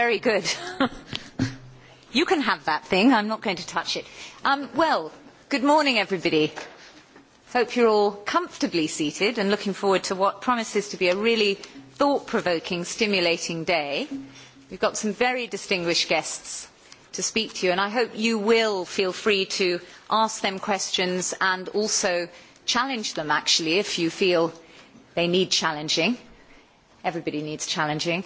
Very good. You can have that thing. I'm not going to touch it. Well, good morning, everybody. Hope you're all comfortably seated and looking forward to what promises to be a really thought-provoking, stimulating day. We've got some very distinguished guests to speak to you, and I hope you will feel free to ask them questions and also challenge them, actually, if you feel they need challenging. Everybody needs challenging.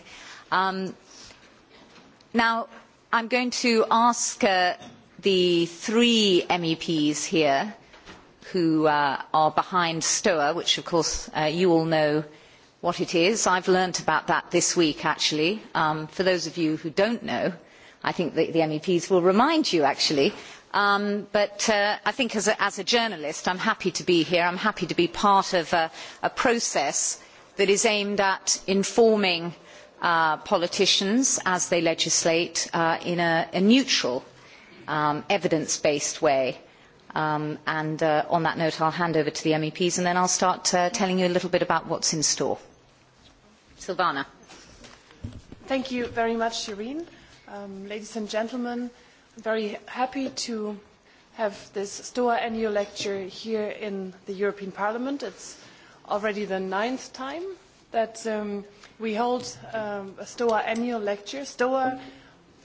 Now, I'm going to ask the three MEPs here who are behind STOA, which of course you all know what it is. I've learnt about that this week, actually. For those of you who don't know, I think the MEPs will remind you, actually. But I think as a journalist, I'm happy to be here. I'm happy to be part of a process that is aimed at informing politicians as they legislate in a neutral, evidence-based way. And on that note, I'll hand over to the MEPs and then I'll start telling you a little bit about what's in store. Silvana. Thank you very much, Shireen. Ladies and gentlemen, I'm very happy to have this STOA annual lecture here in the European Parliament. It's already the ninth time that We hold a STOA annual lecture. STOA,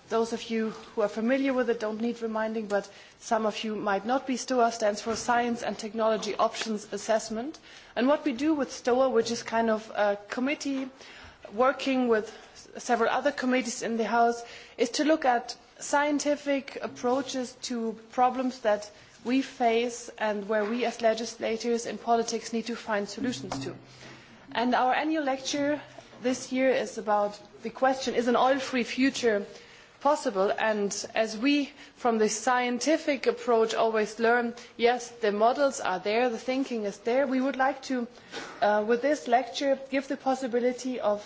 those of you who are familiar with it don't need reminding, but some of you might not be. STOA stands for Science and Technology Options Assessment. And what we do with STOA, which is kind of a committee working with several other committees in the House, is to look at scientific approaches to problems that we face and where we as legislators in politics need to find solutions to. And our annual lecture this year is about the question, is an oil-free future possible? And as we, from the scientific approach, always learn, yes, the models are there, the thinking is there. We would like to, with this lecture, give the possibility of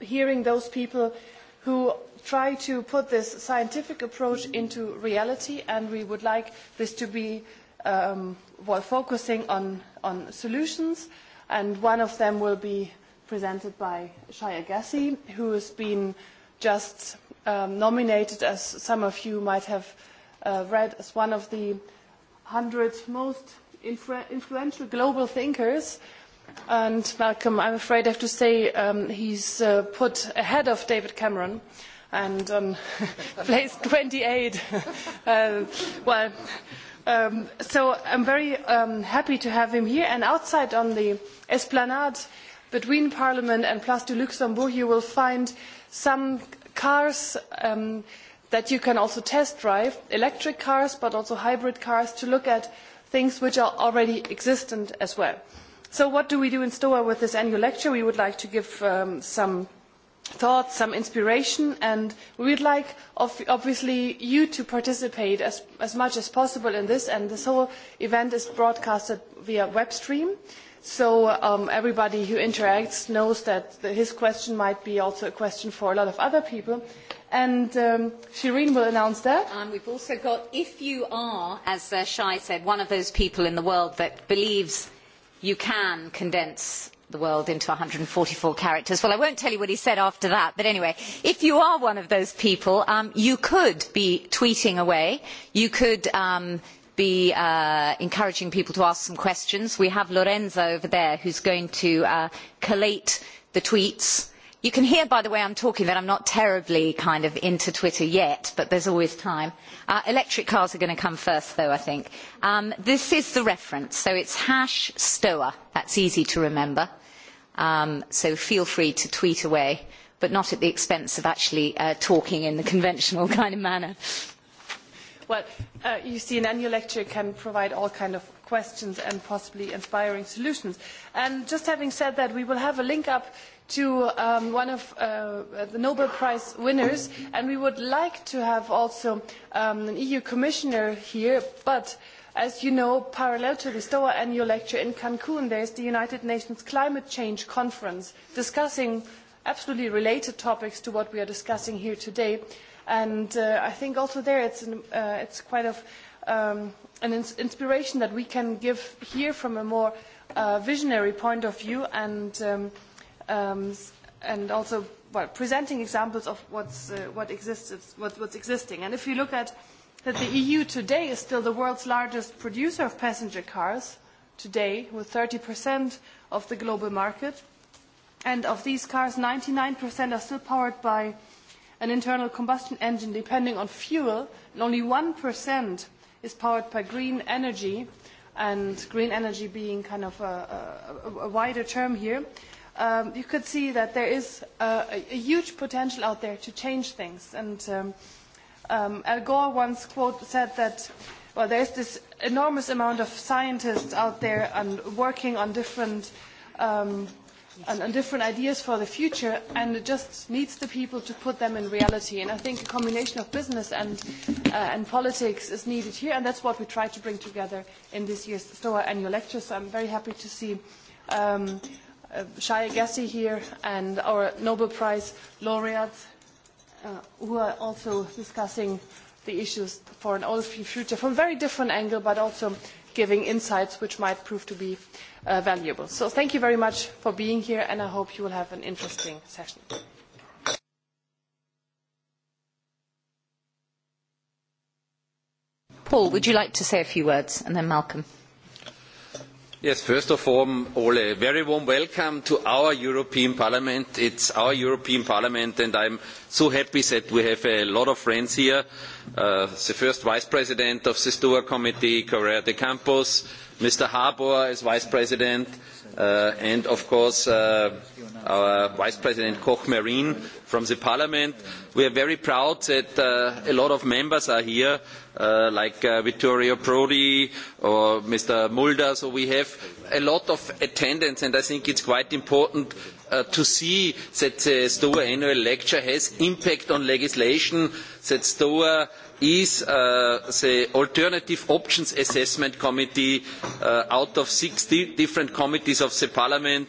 hearing those people who try to put this scientific approach into reality, and we would like this to be focusing on solutions, and one of them will be presented by Shia Gassi, who has been just nominated, as some of you might have read, as one of the 100 most influential global thinkers. And Malcolm, I'm afraid I have to say he's put ahead of David Cameron and on place 28. Well, so I'm very happy to have him here. And outside on the esplanade, between Parliament and Place du Luxembourg, you will find some cars that you can also test drive, electric cars, but also hybrid cars, to look at things which are already existent as well. So what do we do in STOA with this annual lecture? We would like to give some thoughts, some inspiration, and we would like, obviously, you to participate as much as possible in this, and this whole event is broadcasted via web stream. So everybody who interacts knows that his question might be also a question for a lot of other people. And Shireen will announce that. And we've also got, if you are, as Shai said, one of those people in the world that believes you can condense the world into 144 characters. Well, I won't tell you what he said after that, but anyway, if you are one of those people, you could be tweeting away. You could be encouraging people to ask some questions. We have Lorenzo over there who's going to collate the tweets. You can hear, by the way, I'm talking that I'm not terribly kind of into Twitter yet, but there's always time. Electric cars are going to come first, though, I think. This is the reference, so it's hash STOA. That's easy to remember. So feel free to tweet away, but not at the expense of actually talking in the conventional kind of manner. Well, you see, an annual lecture can provide all kinds of questions and possibly inspiring solutions. And just having said that, we will have a link up to one of the Nobel Prize winners, and we would like to have also an EU commissioner here, but as you know, parallel to the STOA annual lecture in Cancun, there is the United Nations Climate Change Conference discussing absolutely related topics to what we are discussing here today And I think also there it's it's quite of an inspiration that we can give here from a more visionary point of view and and also presenting examples of what's what exists what's existing. And if you look at that the EU today is still the world's largest producer of passenger cars today with 30% of the global market and of these cars 99% are still powered by an internal combustion engine depending on fuel, and only 1% is powered by green energy, and green energy being kind of a wider term here, you could see that there is a huge potential out there to change things. And Al Gore once said that, well, there is this enormous amount of scientists out there and working on different and different ideas for the future and it just needs the people to put them in reality and I think a combination of business and politics is needed here and that's what we try to bring together in this year's STOA annual lecture so I'm very happy to see Shaya Gassi here and our Nobel Prize laureates who are also discussing the issues for an old future from a very different angle but also giving insights which might prove to be valuable. So thank you very much for being here and I hope you will have an interesting session. Paul, would you like to say a few words and then Malcolm? Yes, first of all, a very warm welcome to our European Parliament. It's our European Parliament and I'm so happy that we have a lot of friends here. The first Vice President of the STOA Committee, Correa de Campos, Mr. Harbour as Vice President, and of course our Vice President Koch-Marin from the Parliament. We are very proud that a lot of members are here, like Vittorio Prodi or Mr. Mulder. So we have a lot of attendance, and I think it's quite important to see that the STOA annual lecture has impact on legislation, that STOA is the Alternative Options Assessment Committee out of six different committees of Parliament.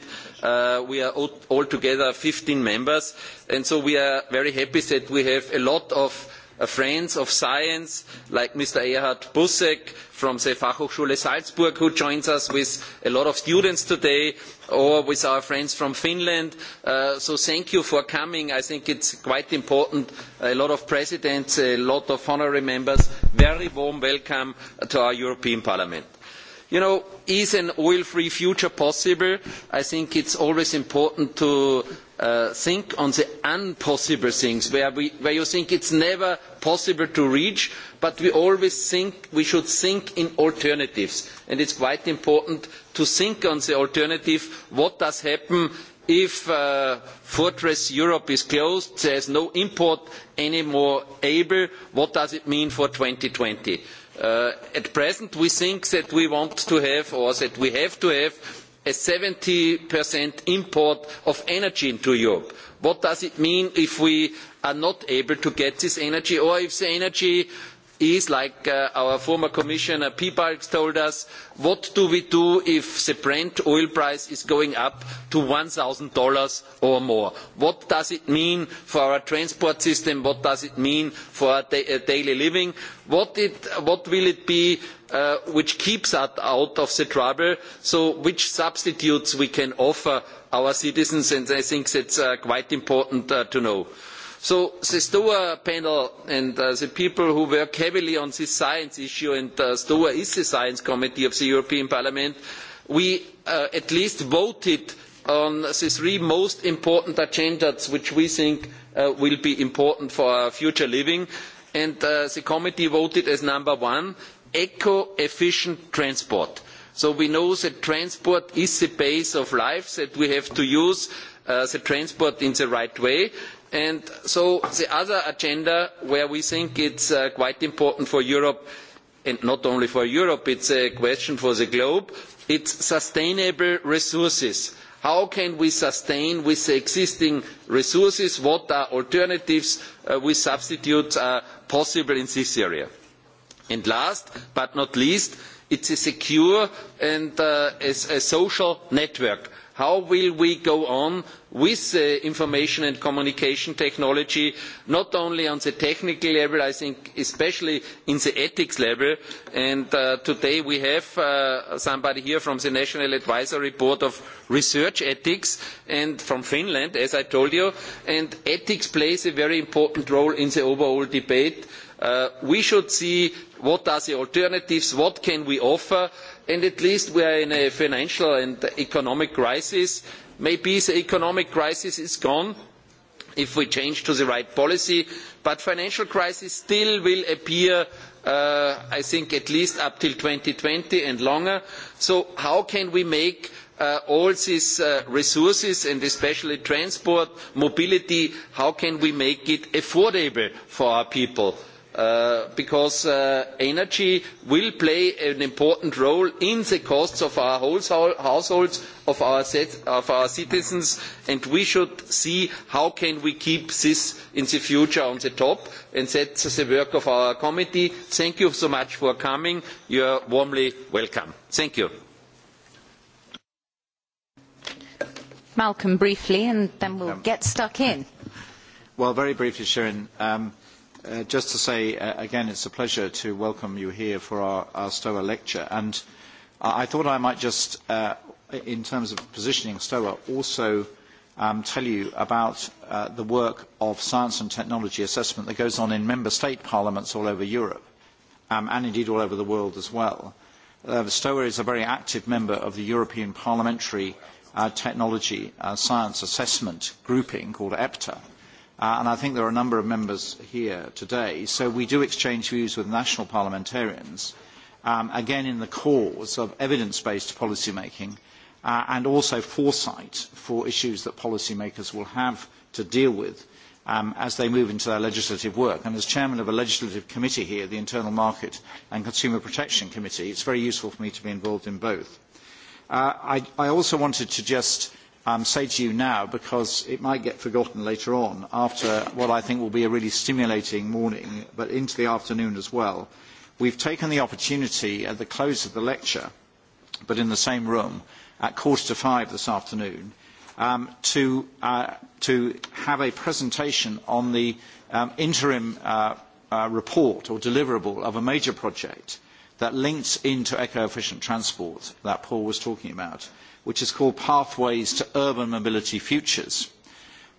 We are altogether 15 members, and so we are very happy that we have a lot of friends of science like Mr. Erhard Busek from the Fachhochschule Salzburg who joins us with a lot of students today or with our friends from Finland. So thank you for coming. I think it's quite important. A lot of presidents, a lot of honorary members, very warm welcome to our European Parliament. You know, is an oil-free future possible? I think it's always important to think on the impossible things where you think it's never possible to reach, but we always think we should think in alternatives. And it's quite important to think on the alternative, what does happen if Fortress Europe is closed, there is no import anymore able, what does it mean for 2020? At present, we think that we want to have, or that we have to have, a 70% import of energy into Europe. What does it mean if we are not able to get this energy or if the energy is like our former commissioner piebalgs told us what do we do if the brent oil price is going up to one dollars or more what does it mean for our transport system what does it mean for our daily living what will it be which keeps us out of the trouble so which substitutes we can offer our citizens and i think is quite important to know So the STOA panel and the people who work heavily on this science issue, and STOA is the Science Committee of the European Parliament, we at least voted on the three most important agendas which we think will be important for our future living. And the committee voted as number one, eco-efficient transport. So we know that transport is the base of life, that we have to use the transport in the right way. And so the other agenda where we think it's quite important for Europe, and not only for Europe, it's a question for the globe, it's sustainable resources. How can we sustain with the existing resources? What are alternatives with substitutes are possible in this area? And last but not least, it's a secure and a social network how will we go on with information and communication technology not only on the technical level i think especially in the ethics level and today we have somebody here from the national advisory board of research ethics and from finland as i told you and ethics plays a very important role in the overall debate. we should see what are the alternatives what can we offer? and at least we are in a financial and economic crisis. maybe the economic crisis is gone if we change to the right policy but financial crisis still will appear i think at least up till 2020 and longer so how can we make all these resources and especially transport mobility how can we make it affordable for our people? because energy will play an important role in the costs of our households, of our citizens, and we should see how can we keep this in the future on the top, and that's the work of our committee. Thank you so much for coming. You are warmly welcome. Thank you. Malcolm, briefly, and then we'll get stuck in. Well, very briefly, Sharon Just to say again, it's a pleasure to welcome you here for our STOA lecture. And I thought I might just, in terms of positioning STOA, also tell you about the work of science and technology assessment that goes on in member state parliaments all over Europe, and indeed all over the world as well. STOA is a very active member of the European Parliamentary Technology Science Assessment grouping called EPTA and I think there are a number of members here today. So we do exchange views with national parliamentarians, again in the cause of evidence-based policymaking and also foresight for issues that policymakers will have to deal with as they move into their legislative work. And as chairman of a legislative committee here, the Internal Market and Consumer Protection Committee, it's very useful for me to be involved in both. I also wanted to just say to you now because it might get forgotten later on after what I think will be a really stimulating morning, but into the afternoon as well. We've taken the opportunity at the close of the lecture, but in the same room, at quarter to five this afternoon, to have a presentation on the interim report or deliverable of a major project that links into eco-efficient transport that Paul was talking about which is called Pathways to Urban Mobility Futures.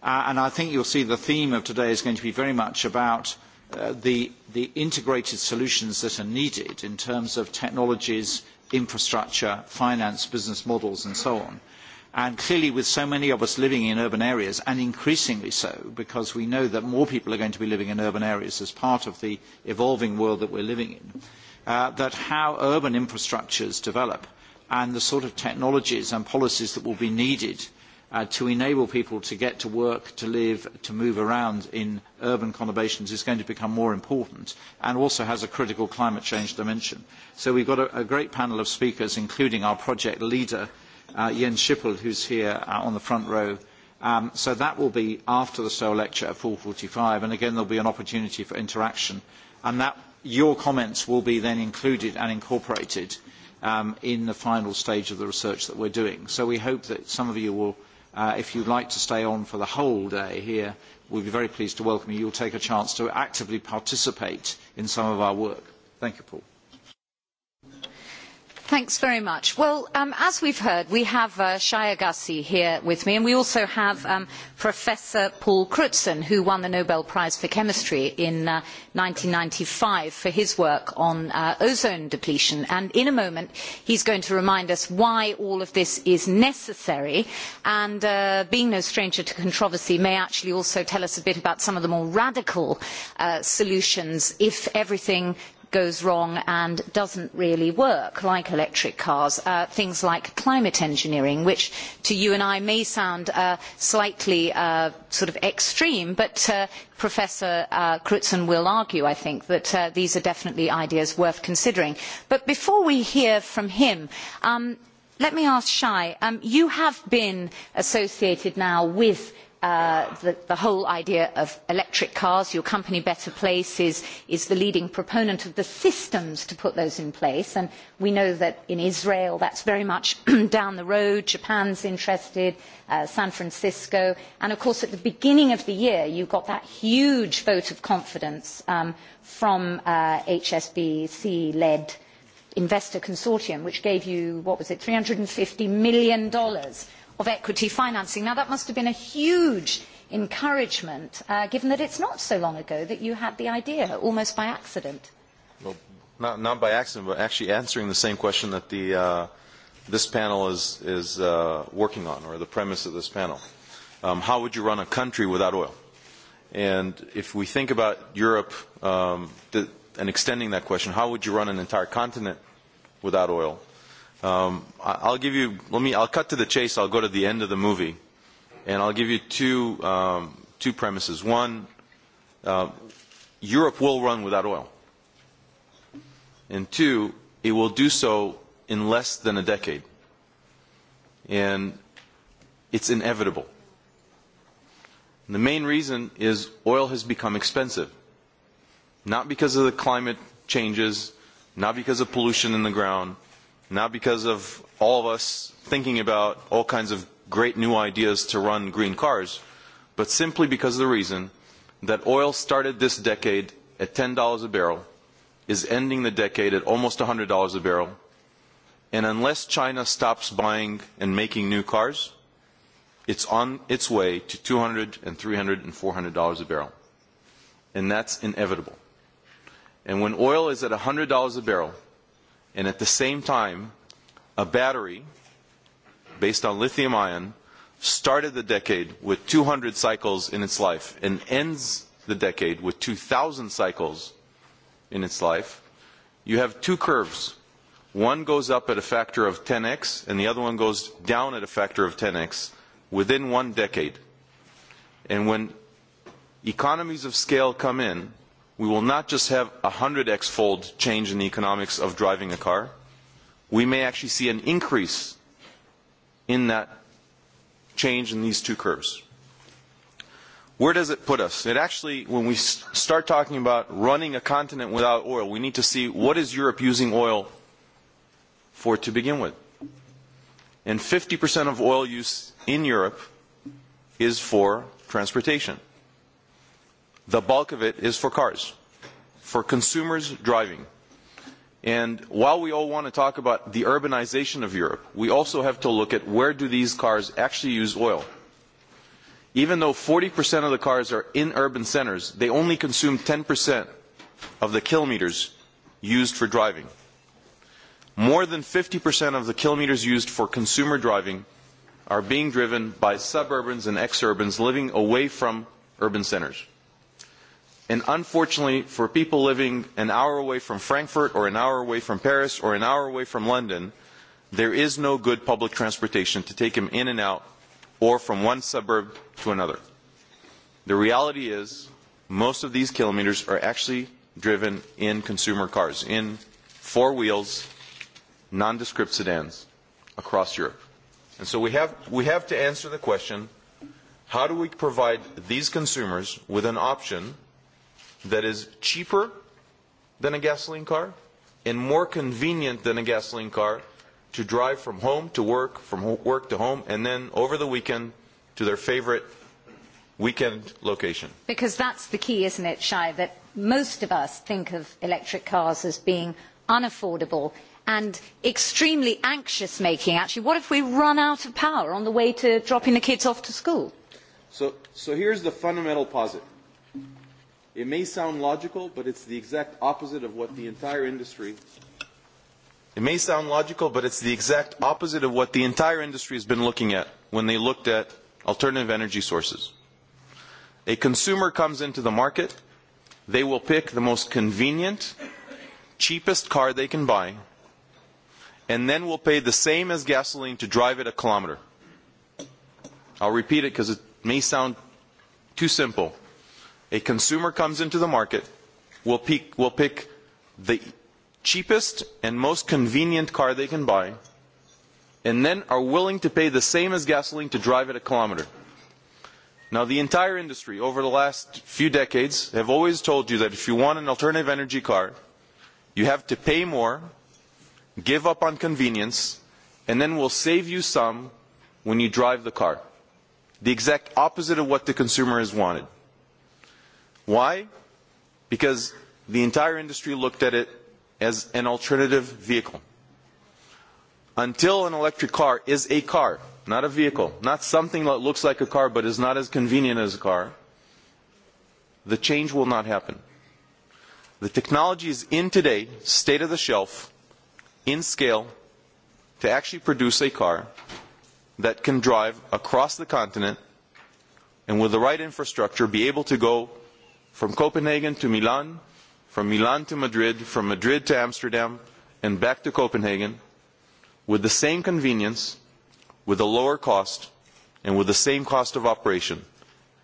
And I think you'll see the theme of today is going to be very much about the integrated solutions that are needed in terms of technologies, infrastructure, finance, business models, and so on. And clearly, with so many of us living in urban areas, and increasingly so, because we know that more people are going to be living in urban areas as part of the evolving world that we're living in, that how urban infrastructures develop and the sort of technologies and policies that will be needed to enable people to get to work, to live, to move around in urban conurbations is going to become more important and also has a critical climate change dimension. So we've got a great panel of speakers, including our project leader, Jens Schippel, who's here on the front row. So that will be after the Seoul lecture at 4.45, and again there will be an opportunity for interaction. And your comments will be then included and incorporated in the final stage of the research that we're doing. So we hope that some of you will, if you'd like to stay on for the whole day here, we'll be very pleased to welcome you. You'll take a chance to actively participate in some of our work. Thank you, Paul. Thanks very much. Well, as we've heard, we have Shaya Gassi here with me, and we also have Professor Paul Crutzen, who won the Nobel Prize for Chemistry in 1995 for his work on ozone depletion. And in a moment, he's going to remind us why all of this is necessary, and being no stranger to controversy, may actually also tell us a bit about some of the more radical solutions if everything goes wrong and doesn't really work, like electric cars, things like climate engineering, which to you and I may sound slightly sort of extreme, but Professor Crutzen will argue, I think, that these are definitely ideas worth considering. But before we hear from him, let me ask Shai, you have been associated now with the whole idea of electric cars. Your company, Better Place, is the leading proponent of the systems to put those in place. And we know that in Israel that's very much down the road. Japan's interested, San Francisco. And, of course, at the beginning of the year, you got that huge vote of confidence from HSBC-led investor consortium, which gave you, what was it, $350 million dollars of equity financing. Now, that must have been a huge encouragement, given that it's not so long ago that you had the idea, almost by accident. Well, not by accident, but actually answering the same question that this panel is working on, or the premise of this panel. How would you run a country without oil? And if we think about Europe and extending that question, how would you run an entire continent without oil? Um I'll give you, let me, I'll cut to the chase. I'll go to the end of the movie, and I'll give you two um two premises. One, Europe will run without oil, and two, it will do so in less than a decade, and it's inevitable. The main reason is oil has become expensive, not because of the climate changes, not because of pollution in the ground not because of all of us thinking about all kinds of great new ideas to run green cars, but simply because of the reason that oil started this decade at $10 a barrel, is ending the decade at almost $100 a barrel, and unless China stops buying and making new cars, it's on its way to $200 and $300 and $400 a barrel. And that's inevitable. And when oil is at $100 a barrel, and at the same time a battery based on lithium ion started the decade with 200 cycles in its life and ends the decade with 2,000 cycles in its life, you have two curves. One goes up at a factor of 10x and the other one goes down at a factor of 10x within one decade. And when economies of scale come in, we will not just have a 100x fold change in the economics of driving a car. We may actually see an increase in that change in these two curves. Where does it put us? It actually, when we start talking about running a continent without oil, we need to see what is Europe using oil for to begin with. And 50% of oil use in Europe is for transportation the bulk of it is for cars, for consumers driving. And while we all want to talk about the urbanization of Europe, we also have to look at where do these cars actually use oil. Even though 40% of the cars are in urban centers, they only consume 10% of the kilometers used for driving. More than 50% of the kilometers used for consumer driving are being driven by suburbans and exurbans living away from urban centers and unfortunately for people living an hour away from frankfurt or an hour away from paris or an hour away from london there is no good public transportation to take them in and out or from one suburb to another the reality is most of these kilometers are actually driven in consumer cars in four wheels nondescript sedans across europe and so we have we have to answer the question how do we provide these consumers with an option that is cheaper than a gasoline car and more convenient than a gasoline car to drive from home to work, from work to home, and then over the weekend to their favorite weekend location. Because that's the key, isn't it, Shai, that most of us think of electric cars as being unaffordable and extremely anxious making. Actually, what if we run out of power on the way to dropping the kids off to school? So here's the fundamental posit It may sound logical, but it's the exact opposite of what the entire industry It may sound logical, but it's the exact opposite of what the entire industry has been looking at when they looked at alternative energy sources. A consumer comes into the market, they will pick the most convenient, cheapest car they can buy, and then will pay the same as gasoline to drive it a kilometer. I'll repeat it because it may sound too simple a consumer comes into the market, will pick the cheapest and most convenient car they can buy, and then are willing to pay the same as gasoline to drive it a kilometer. Now, the entire industry over the last few decades have always told you that if you want an alternative energy car, you have to pay more, give up on convenience, and then we'll save you some when you drive the car. The exact opposite of what the consumer has wanted. Why? Because the entire industry looked at it as an alternative vehicle. Until an electric car is a car, not a vehicle, not something that looks like a car but is not as convenient as a car, the change will not happen. The technology is in today, state of the shelf, in scale, to actually produce a car that can drive across the continent and with the right infrastructure be able to go from Copenhagen to Milan, from Milan to Madrid, from Madrid to Amsterdam, and back to Copenhagen, with the same convenience, with a lower cost, and with the same cost of operation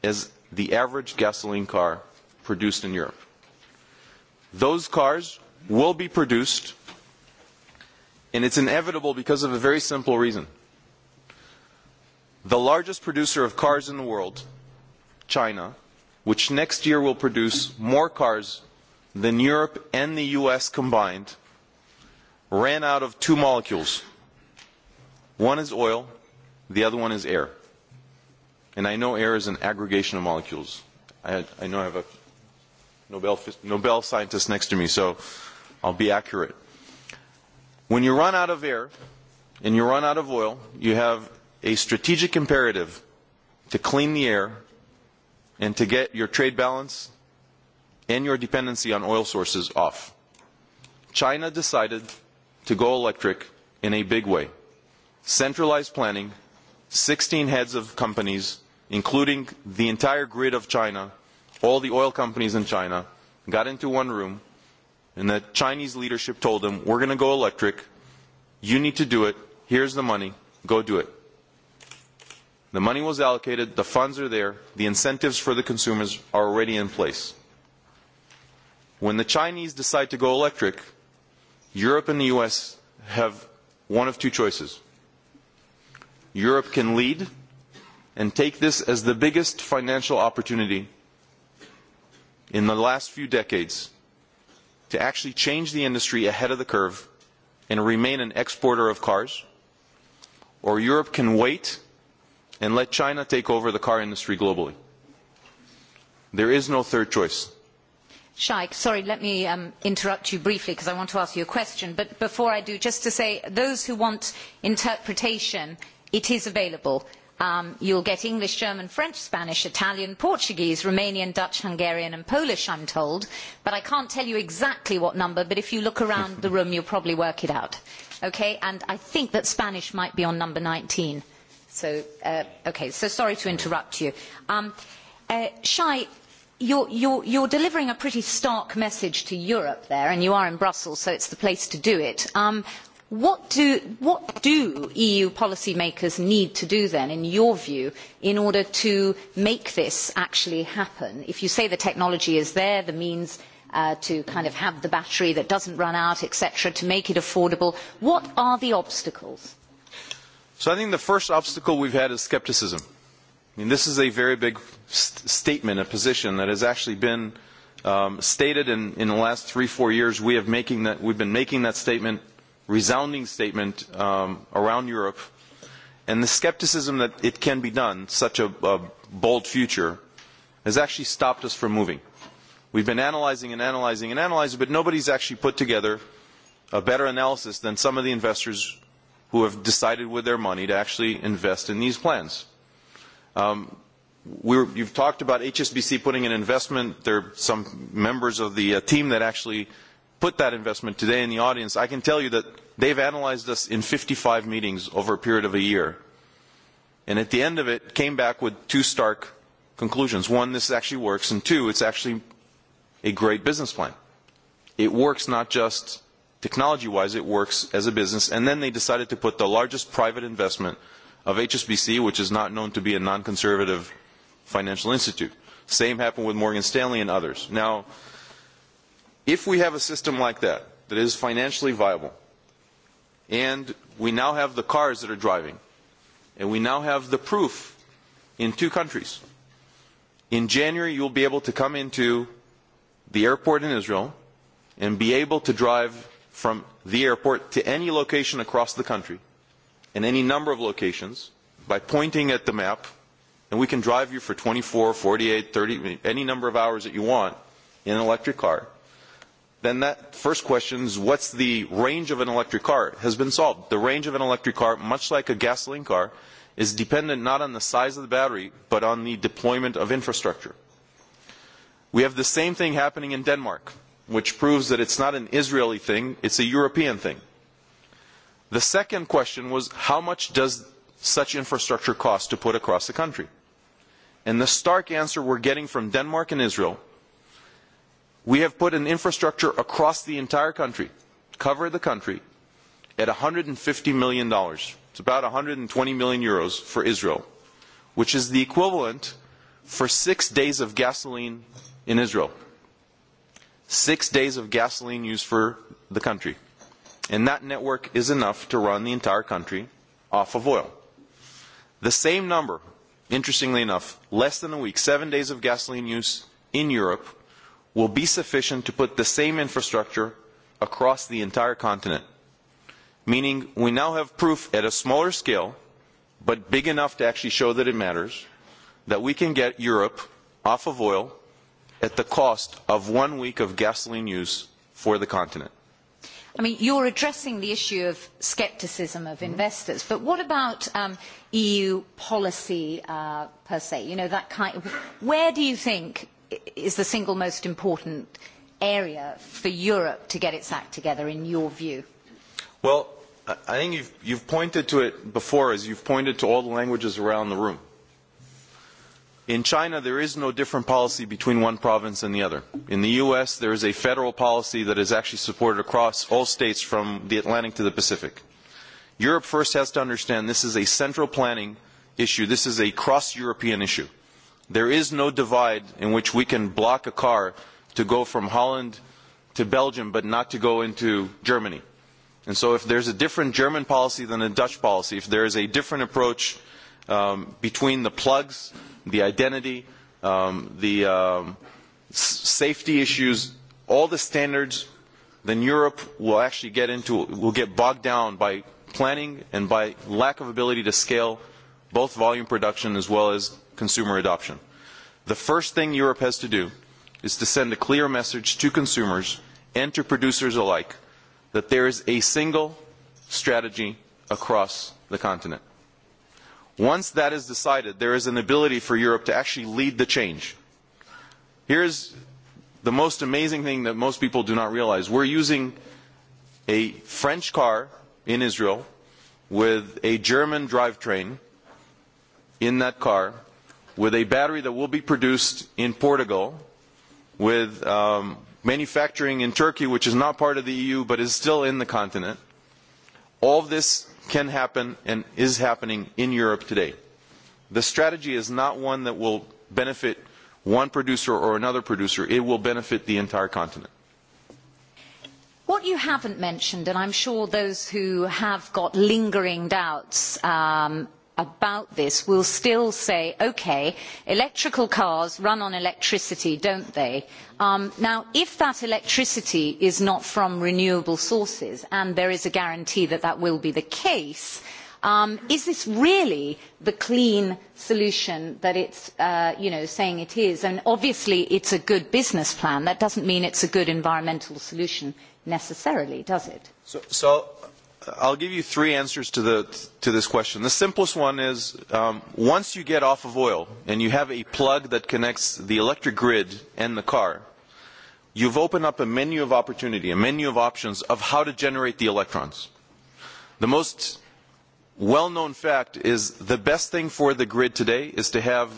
as the average gasoline car produced in Europe. Those cars will be produced, and it's inevitable because of a very simple reason. The largest producer of cars in the world, China, which next year will produce more cars than Europe and the US combined, ran out of two molecules. One is oil, the other one is air. And I know air is an aggregation of molecules. I know I have a Nobel scientist next to me, so I'll be accurate. When you run out of air and you run out of oil, you have a strategic imperative to clean the air and to get your trade balance and your dependency on oil sources off. China decided to go electric in a big way. Centralized planning, 16 heads of companies, including the entire grid of China, all the oil companies in China, got into one room, and the Chinese leadership told them, we're going to go electric, you need to do it, here's the money, go do it. The money was allocated, the funds are there, the incentives for the consumers are already in place. When the Chinese decide to go electric, Europe and the US have one of two choices. Europe can lead and take this as the biggest financial opportunity in the last few decades to actually change the industry ahead of the curve and remain an exporter of cars, or Europe can wait and let China take over the car industry globally. There is no third choice. Shaikh, sorry, let me interrupt you briefly because I want to ask you a question. But before I do, just to say, those who want interpretation, it is available. You'll get English, German, French, Spanish, Italian, Portuguese, Romanian, Dutch, Hungarian and Polish, I'm told. But I can't tell you exactly what number, but if you look around the room, you'll probably work it out. Okay? And I think that Spanish might be on number 19. So, okay, so sorry to interrupt you. Shai, you're delivering a pretty stark message to Europe there, and you are in Brussels, so it's the place to do it. What do EU policymakers need to do then, in your view, in order to make this actually happen? If you say the technology is there, the means to kind of have the battery that doesn't run out, etc., to make it affordable, what are the obstacles? So I think the first obstacle we've had is skepticism. I mean, this is a very big statement, a position that has actually been stated in the last three, four years. We have making that, we've been making that statement, resounding statement around Europe, and the skepticism that it can be done, such a bold future, has actually stopped us from moving. We've been analyzing and analyzing and analyzing, but nobody's actually put together a better analysis than some of the investors who have decided with their money to actually invest in these plans. You've talked about HSBC putting an investment. There are some members of the team that actually put that investment today in the audience. I can tell you that they've analyzed us in 55 meetings over a period of a year. And at the end of it, came back with two stark conclusions. One, this actually works. And two, it's actually a great business plan. It works not just technology wise it works as a business and then they decided to put the largest private investment of hsbc which is not known to be a non conservative financial institute same happened with morgan stanley and others now if we have a system like that that is financially viable and we now have the cars that are driving and we now have the proof in two countries in january you'll be able to come into the airport in israel and be able to drive from the airport to any location across the country, in any number of locations, by pointing at the map, and we can drive you for 24, 48, 30, any number of hours that you want in an electric car, then that first question is what's the range of an electric car has been solved. The range of an electric car, much like a gasoline car, is dependent not on the size of the battery, but on the deployment of infrastructure. We have the same thing happening in Denmark which proves that it's not an Israeli thing, it's a European thing. The second question was, how much does such infrastructure cost to put across the country? And the stark answer we're getting from Denmark and Israel, we have put an infrastructure across the entire country, cover the country, at $150 million. It's about 120 million euros for Israel, which is the equivalent for six days of gasoline in Israel six days of gasoline use for the country. And that network is enough to run the entire country off of oil. The same number, interestingly enough, less than a week, seven days of gasoline use in Europe, will be sufficient to put the same infrastructure across the entire continent. Meaning we now have proof at a smaller scale, but big enough to actually show that it matters, that we can get Europe off of oil at the cost of one week of gasoline use for the continent. I mean, you're addressing the issue of skepticism of investors, but what about EU policy per se? You know, that kind. Where do you think is the single most important area for Europe to get its act together, in your view? Well, I think you've pointed to it before, as you've pointed to all the languages around the room in china there is no different policy between one province and the other in the us there is a federal policy that is actually supported across all states from the atlantic to the pacific europe first has to understand this is a central planning issue this is a cross european issue there is no divide in which we can block a car to go from holland to belgium but not to go into germany and so if there is a different german policy than a dutch policy if there is a different approach between the plugs the identity, the safety issues, all the standards, then Europe will actually get into, will get bogged down by planning and by lack of ability to scale both volume production as well as consumer adoption. The first thing Europe has to do is to send a clear message to consumers and to producers alike that there is a single strategy across the continent. Once that is decided, there is an ability for Europe to actually lead the change. Here is the most amazing thing that most people do not realize. We're using a French car in Israel with a German drivetrain in that car with a battery that will be produced in Portugal with manufacturing in Turkey, which is not part of the EU but is still in the continent. All this can happen and is happening in Europe today. The strategy is not one that will benefit one producer or another producer. It will benefit the entire continent. What you haven't mentioned, and I'm sure those who have got lingering doubts about this will still say okay, electrical cars run on electricity don't they now if that electricity is not from renewable sources and there is a guarantee that that will be the case is this really the clean solution that it's you know saying it is and obviously it's a good business plan that doesn't mean it's a good environmental solution necessarily does it I'll give you three answers to the to this question. The simplest one is once you get off of oil and you have a plug that connects the electric grid and the car, you've opened up a menu of opportunity, a menu of options of how to generate the electrons. The most well-known fact is the best thing for the grid today is to have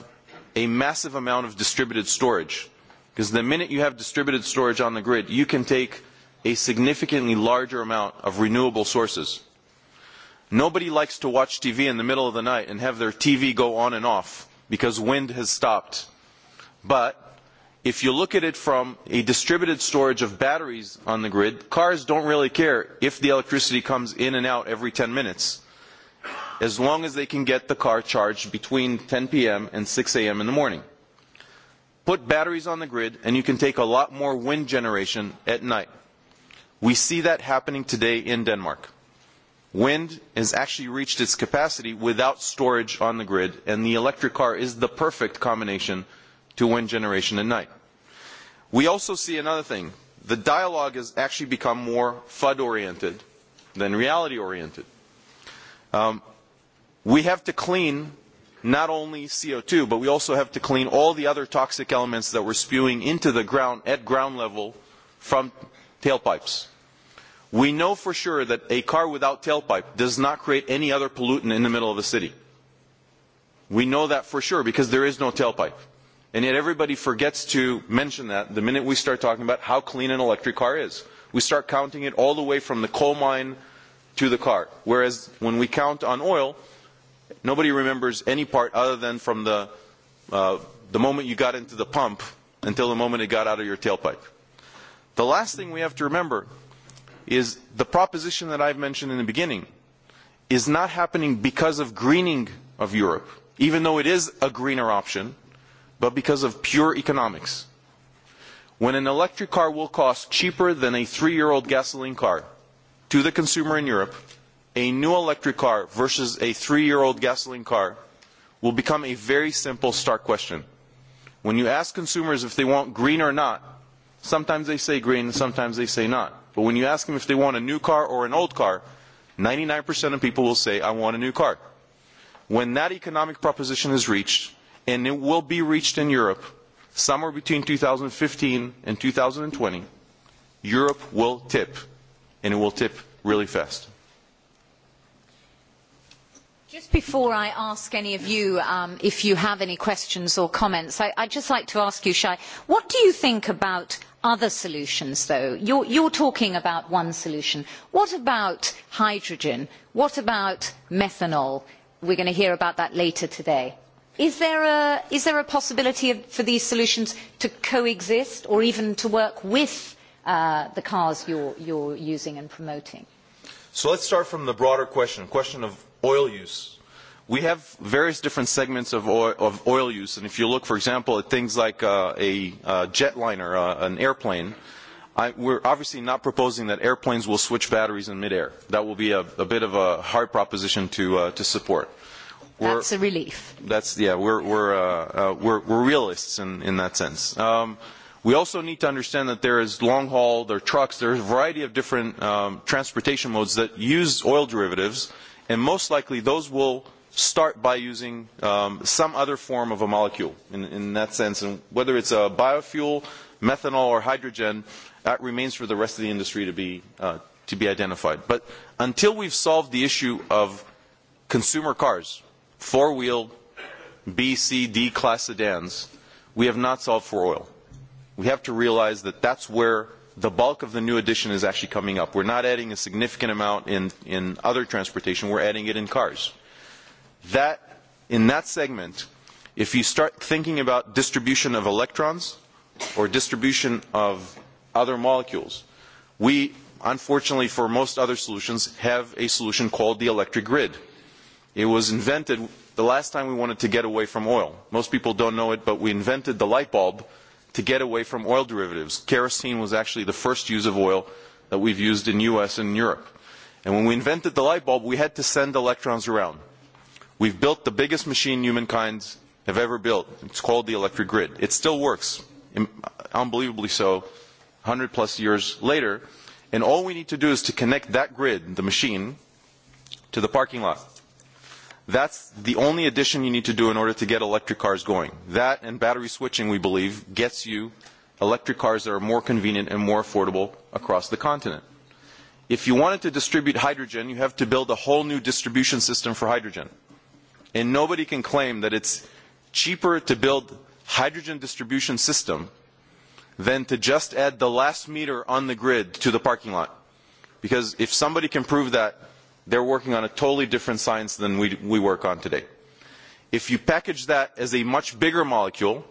a massive amount of distributed storage, because the minute you have distributed storage on the grid, you can take a significantly larger amount of renewable sources. Nobody likes to watch TV in the middle of the night and have their TV go on and off because wind has stopped. But if you look at it from a distributed storage of batteries on the grid, cars don't really care if the electricity comes in and out every 10 minutes, as long as they can get the car charged between 10 p.m. and 6 a.m. in the morning. Put batteries on the grid, and you can take a lot more wind generation at night. We see that happening today in Denmark. Wind has actually reached its capacity without storage on the grid, and the electric car is the perfect combination to wind generation at night. We also see another thing. The dialogue has actually become more FUD-oriented than reality-oriented. We have to clean not only CO2, but we also have to clean all the other toxic elements that we're spewing into the ground at ground level from tailpipes. We know for sure that a car without tailpipe does not create any other pollutant in the middle of a city. We know that for sure because there is no tailpipe. And yet everybody forgets to mention that the minute we start talking about how clean an electric car is. We start counting it all the way from the coal mine to the car. Whereas when we count on oil, nobody remembers any part other than from the moment you got into the pump until the moment it got out of your tailpipe. The last thing we have to remember is the proposition that I've mentioned in the beginning is not happening because of greening of Europe, even though it is a greener option, but because of pure economics. When an electric car will cost cheaper than a three-year-old gasoline car to the consumer in Europe, a new electric car versus a three-year-old gasoline car will become a very simple, stark question. When you ask consumers if they want green or not, Sometimes they say green, sometimes they say not. But when you ask them if they want a new car or an old car, 99% of people will say, I want a new car. When that economic proposition is reached, and it will be reached in Europe somewhere between 2015 and 2020, Europe will tip, and it will tip really fast. Just before I ask any of you if you have any questions or comments, I'd just like to ask you, Shai, what do you think about other solutions though you're talking about one solution what about hydrogen what about methanol we're going to hear about that later today is there a possibility for these solutions to coexist or even to work with the cars you're using and promoting so let's start from the broader question question of oil use we have various different segments of oil use, and if you look, for example, at things like a jetliner, an airplane, we're obviously not proposing that airplanes will switch batteries in midair. That will be a bit of a hard proposition to support. That's a relief. That's yeah. We're we're we're realists in in that sense. We also need to understand that there is long haul, there are trucks, there are a variety of different transportation modes that use oil derivatives, and most likely those will start by using some other form of a molecule in that sense. And whether it's a biofuel, methanol, or hydrogen, that remains for the rest of the industry to be to be identified. But until we've solved the issue of consumer cars, four-wheel, B, C, D class sedans, we have not solved for oil. We have to realize that that's where the bulk of the new addition is actually coming up. We're not adding a significant amount in other transportation. We're adding it in cars that in that segment if you start thinking about distribution of electrons or distribution of other molecules we unfortunately for most other solutions have a solution called the electric grid it was invented the last time we wanted to get away from oil most people don't know it but we invented the light bulb to get away from oil derivatives kerosene was actually the first use of oil that we've used in us and europe and when we invented the light bulb we had to send electrons around We've built the biggest machine humankind have ever built. It's called the electric grid. It still works, unbelievably so, 100 plus years later. And all we need to do is to connect that grid, the machine, to the parking lot. That's the only addition you need to do in order to get electric cars going. That and battery switching, we believe, gets you electric cars that are more convenient and more affordable across the continent. If you wanted to distribute hydrogen, you have to build a whole new distribution system for hydrogen and nobody can claim that it's cheaper to build hydrogen distribution system than to just add the last meter on the grid to the parking lot. Because if somebody can prove that, they're working on a totally different science than we work on today. If you package that as a much bigger molecule,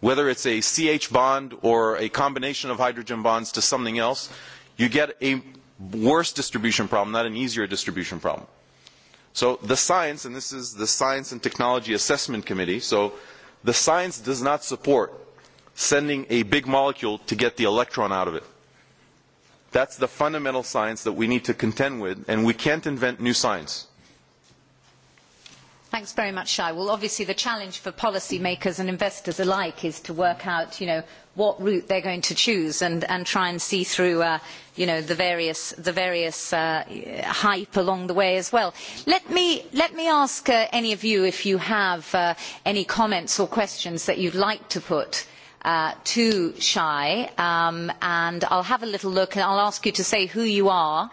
whether it's a CH bond or a combination of hydrogen bonds to something else, you get a worse distribution problem, not an easier distribution problem. So the science, and this is the Science and Technology Assessment Committee, so the science does not support sending a big molecule to get the electron out of it. That's the fundamental science that we need to contend with, and we can't invent new science. Thanks very much, Shai. Well, obviously the challenge for policymakers and investors alike is to work out, you know, what route they're going to choose and try and see through, you know, the various hype along the way as well. Let me ask any of you if you have any comments or questions that you'd like to put to Shai, and I'll have a little look and I'll ask you to say who you are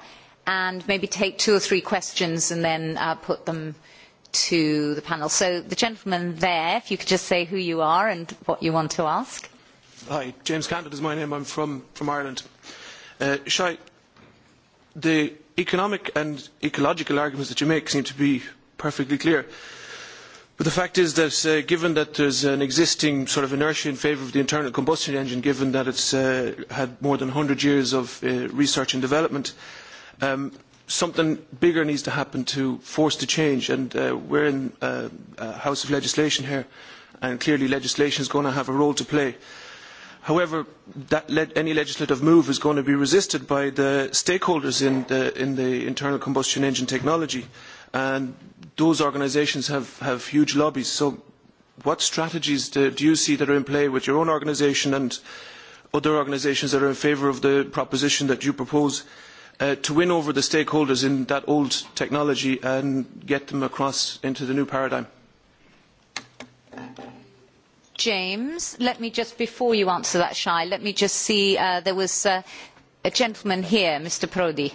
and maybe take two or three questions and then put them to the panel. So the gentleman there, if you could just say who you are and what you want to ask. Hi, James Candid is my name. I'm from Ireland. Shai, the economic and ecological arguments that you make seem to be perfectly clear. But the fact is that given that there's an existing sort of inertia in favour of the internal combustion engine, given that it's had more than 100 years of research and development, something bigger needs to happen to force the change. And we're in a house of legislation here, and clearly legislation is going to have a role to play. However, any legislative move is going to be resisted by the stakeholders in the internal combustion engine technology, and those organisations have huge lobbies. So, what strategies do you see that are in play with your own organisation and other organisations that are in favour of the proposition that you propose? to win over the stakeholders in that old technology and get them across into the new paradigm. James, let me just, before you answer that, Shai, let me just see, there was a gentleman here, Mr. Prodi.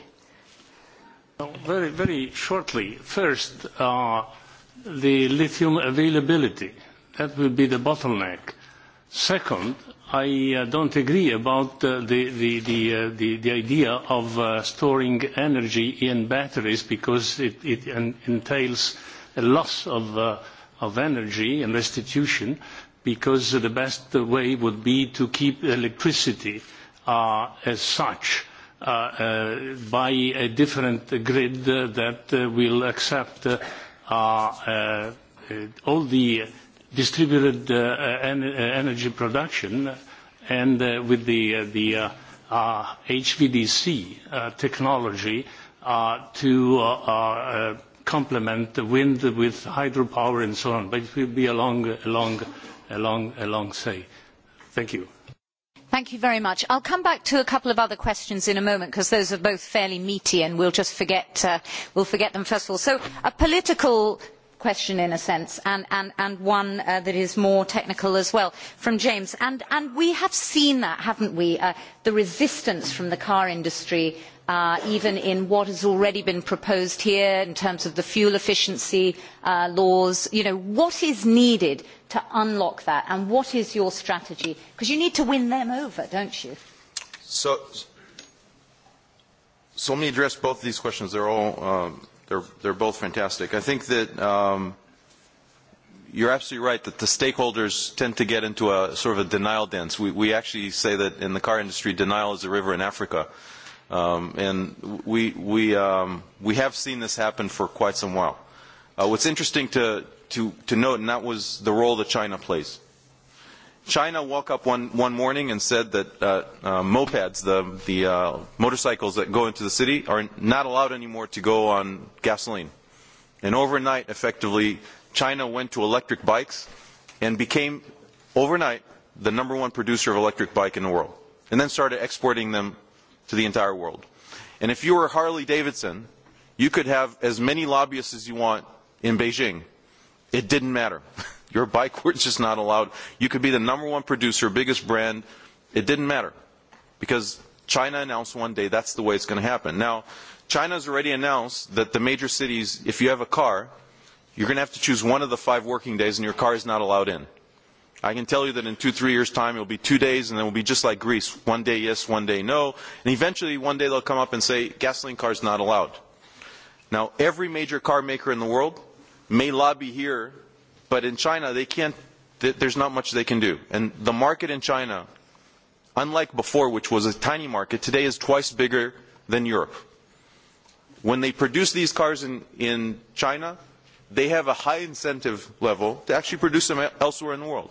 Very, very shortly. First, the lithium availability. That will be the bottleneck. Second, I don't agree about the idea of storing energy in batteries because it entails a loss of energy and restitution because the best way would be to keep electricity as such by a different grid that will accept all the distributed energy production and with the HVDC technology to complement the wind with hydropower and so on. But it will be a long say. Thank you. Thank you very much. I'll come back to a couple of other questions in a moment because those are both fairly meaty and we'll just forget them first of all. So a political question in a sense and one that is more technical as well from James. And we have seen that, haven't we, the resistance from the car industry even in what has already been proposed here in terms of the fuel efficiency laws. What is needed to unlock that and what is your strategy? Because you need to win them over, don't you? So let me address both of these questions. are all they're they're both fantastic. I think that you're absolutely right that the stakeholders tend to get into a sort of a denial dance. We we actually say that in the car industry, denial is a river in Africa, and we we we have seen this happen for quite some while. What's interesting to to to note, and that was the role that China plays China woke up one morning and said that mopeds, the motorcycles that go into the city, are not allowed anymore to go on gasoline. And overnight, effectively, China went to electric bikes and became, overnight, the number one producer of electric bike in the world. And then started exporting them to the entire world. And if you were Harley Davidson, you could have as many lobbyists as you want in Beijing. It didn't matter Your bike was just not allowed. You could be the number one producer, biggest brand. It didn't matter because China announced one day that's the way it's going to happen. Now, China's already announced that the major cities, if you have a car, you're going to have to choose one of the five working days and your car is not allowed in. I can tell you that in two, three years' time, it will be two days, and then will be just like Greece. One day yes, one day no. And eventually, one day they'll come up and say, gasoline cars not allowed. Now, every major car maker in the world may lobby here But in China, they can't. There's not much they can do. And the market in China, unlike before, which was a tiny market, today is twice bigger than Europe. When they produce these cars in China, they have a high incentive level to actually produce them elsewhere in the world.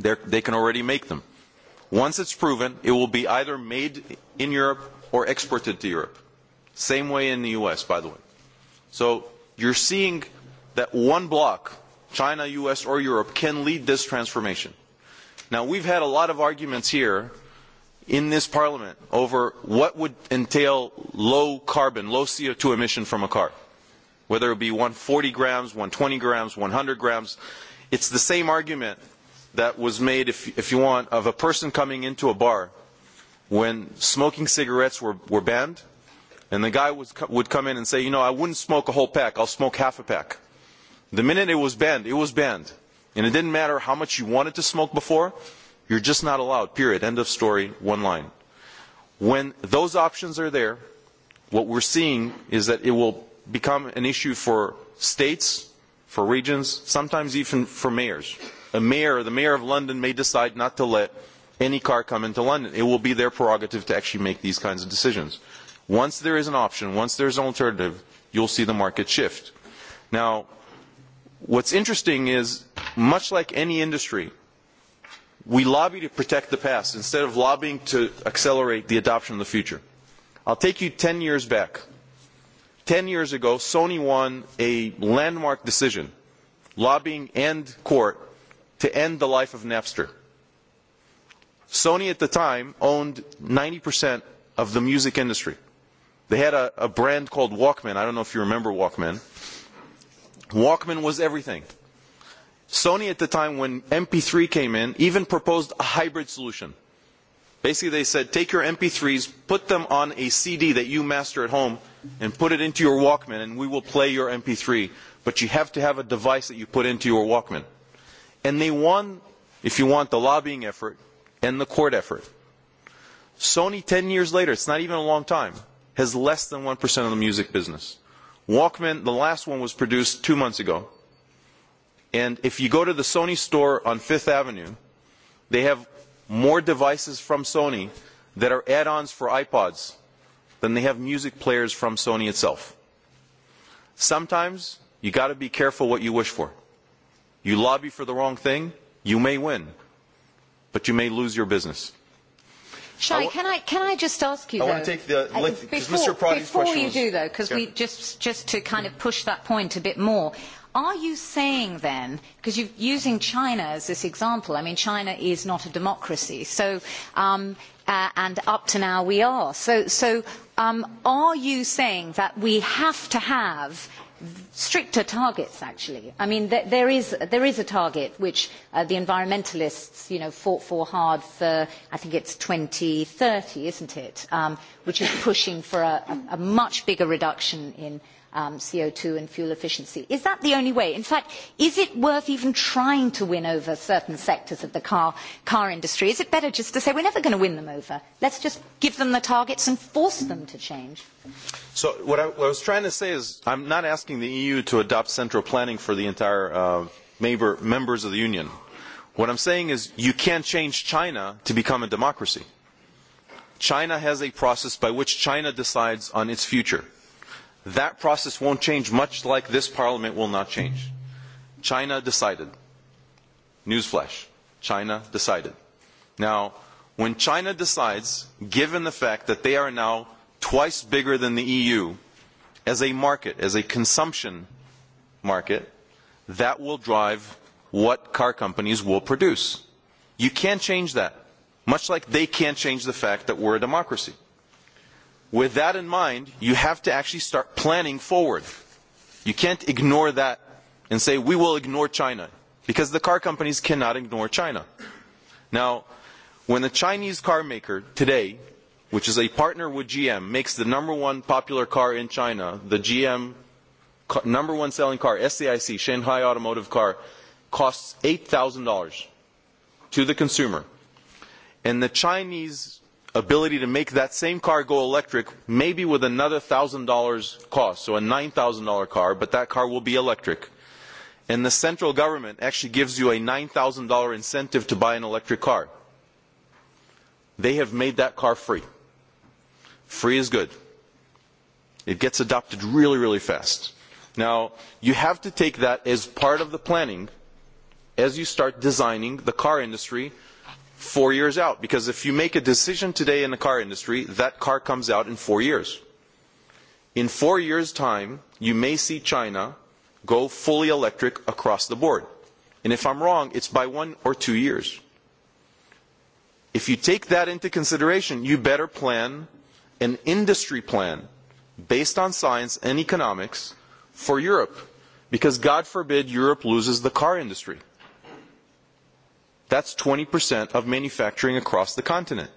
They can already make them. Once it's proven, it will be either made in Europe or exported to Europe. Same way in the U.S., by the way. So you're seeing that one block China, US, or Europe, can lead this transformation. Now, we've had a lot of arguments here in this Parliament over what would entail low carbon, low CO2 emission from a car, whether it be 140 grams, 120 grams, 100 grams. It's the same argument that was made, if you want, of a person coming into a bar when smoking cigarettes were banned, and the guy would come in and say, you know, I wouldn't smoke a whole pack, I'll smoke half a pack. The minute it was banned, it was banned. And it didn't matter how much you wanted to smoke before, you're just not allowed, period. End of story, one line. When those options are there, what we're seeing is that it will become an issue for states, for regions, sometimes even for mayors. A mayor, the mayor of London may decide not to let any car come into London. It will be their prerogative to actually make these kinds of decisions. Once there is an option, once there is an alternative, you'll see the market shift. Now, What's interesting is, much like any industry, we lobby to protect the past instead of lobbying to accelerate the adoption of the future. I'll take you 10 years back. 10 years ago, Sony won a landmark decision, lobbying and court, to end the life of Napster. Sony at the time owned 90% of the music industry. They had a brand called Walkman. I don't know if you remember Walkman Walkman was everything. Sony at the time when MP3 came in even proposed a hybrid solution. Basically they said take your MP3s, put them on a CD that you master at home and put it into your Walkman and we will play your MP3 but you have to have a device that you put into your Walkman. And they won, if you want, the lobbying effort and the court effort. Sony 10 years later, it's not even a long time, has less than 1% of the music business. Walkman, the last one was produced two months ago. And if you go to the Sony store on Fifth Avenue, they have more devices from Sony that are add-ons for iPods than they have music players from Sony itself. Sometimes you got to be careful what you wish for. You lobby for the wrong thing, you may win, but you may lose your business. Shai, can I, can I just ask you, though, I want to take the, Mr. Before you do, though, because we just, just to kind of push that point a bit more, are you saying then, because you're using China as this example, I mean, China is not a democracy, so, and up to now we are. So, so are you saying that we have to have stricter targets actually. I mean there is there is a target which the environmentalists you know, fought for hard for I think it's 2030 isn't it which is pushing for a much bigger reduction in CO2 and fuel efficiency. Is that the only way? In fact, is it worth even trying to win over certain sectors of the car industry? Is it better just to say we're never going to win them over? Let's just give them the targets and force them to change. So what I was trying to say is I'm not asking the EU to adopt central planning for the entire members of the Union. What I'm saying is you can't change China to become a democracy. China has a process by which China decides on its future. That process won't change, much like this Parliament will not change. China decided. Newsflash. China decided. Now, when China decides, given the fact that they are now twice bigger than the EU, as a market, as a consumption market, that will drive what car companies will produce. You can't change that, much like they can't change the fact that we're a democracy with that in mind you have to actually start planning forward you can't ignore that and say we will ignore china because the car companies cannot ignore china now when the chinese car maker today which is a partner with gm makes the number one popular car in china the gm number one selling car SCIC Shanghai automotive car costs $8000 to the consumer and the chinese ability to make that same car go electric, maybe with another $1,000 cost, so a $9,000 car, but that car will be electric. And the central government actually gives you a $9,000 incentive to buy an electric car. They have made that car free. Free is good. It gets adopted really, really fast. Now, you have to take that as part of the planning as you start designing the car industry four years out because if you make a decision today in the car industry that car comes out in four years in four years time you may see china go fully electric across the board and if i'm wrong it's by one or two years if you take that into consideration you better plan an industry plan based on science and economics for europe because god forbid europe loses the car industry That's 20% of manufacturing across the continent.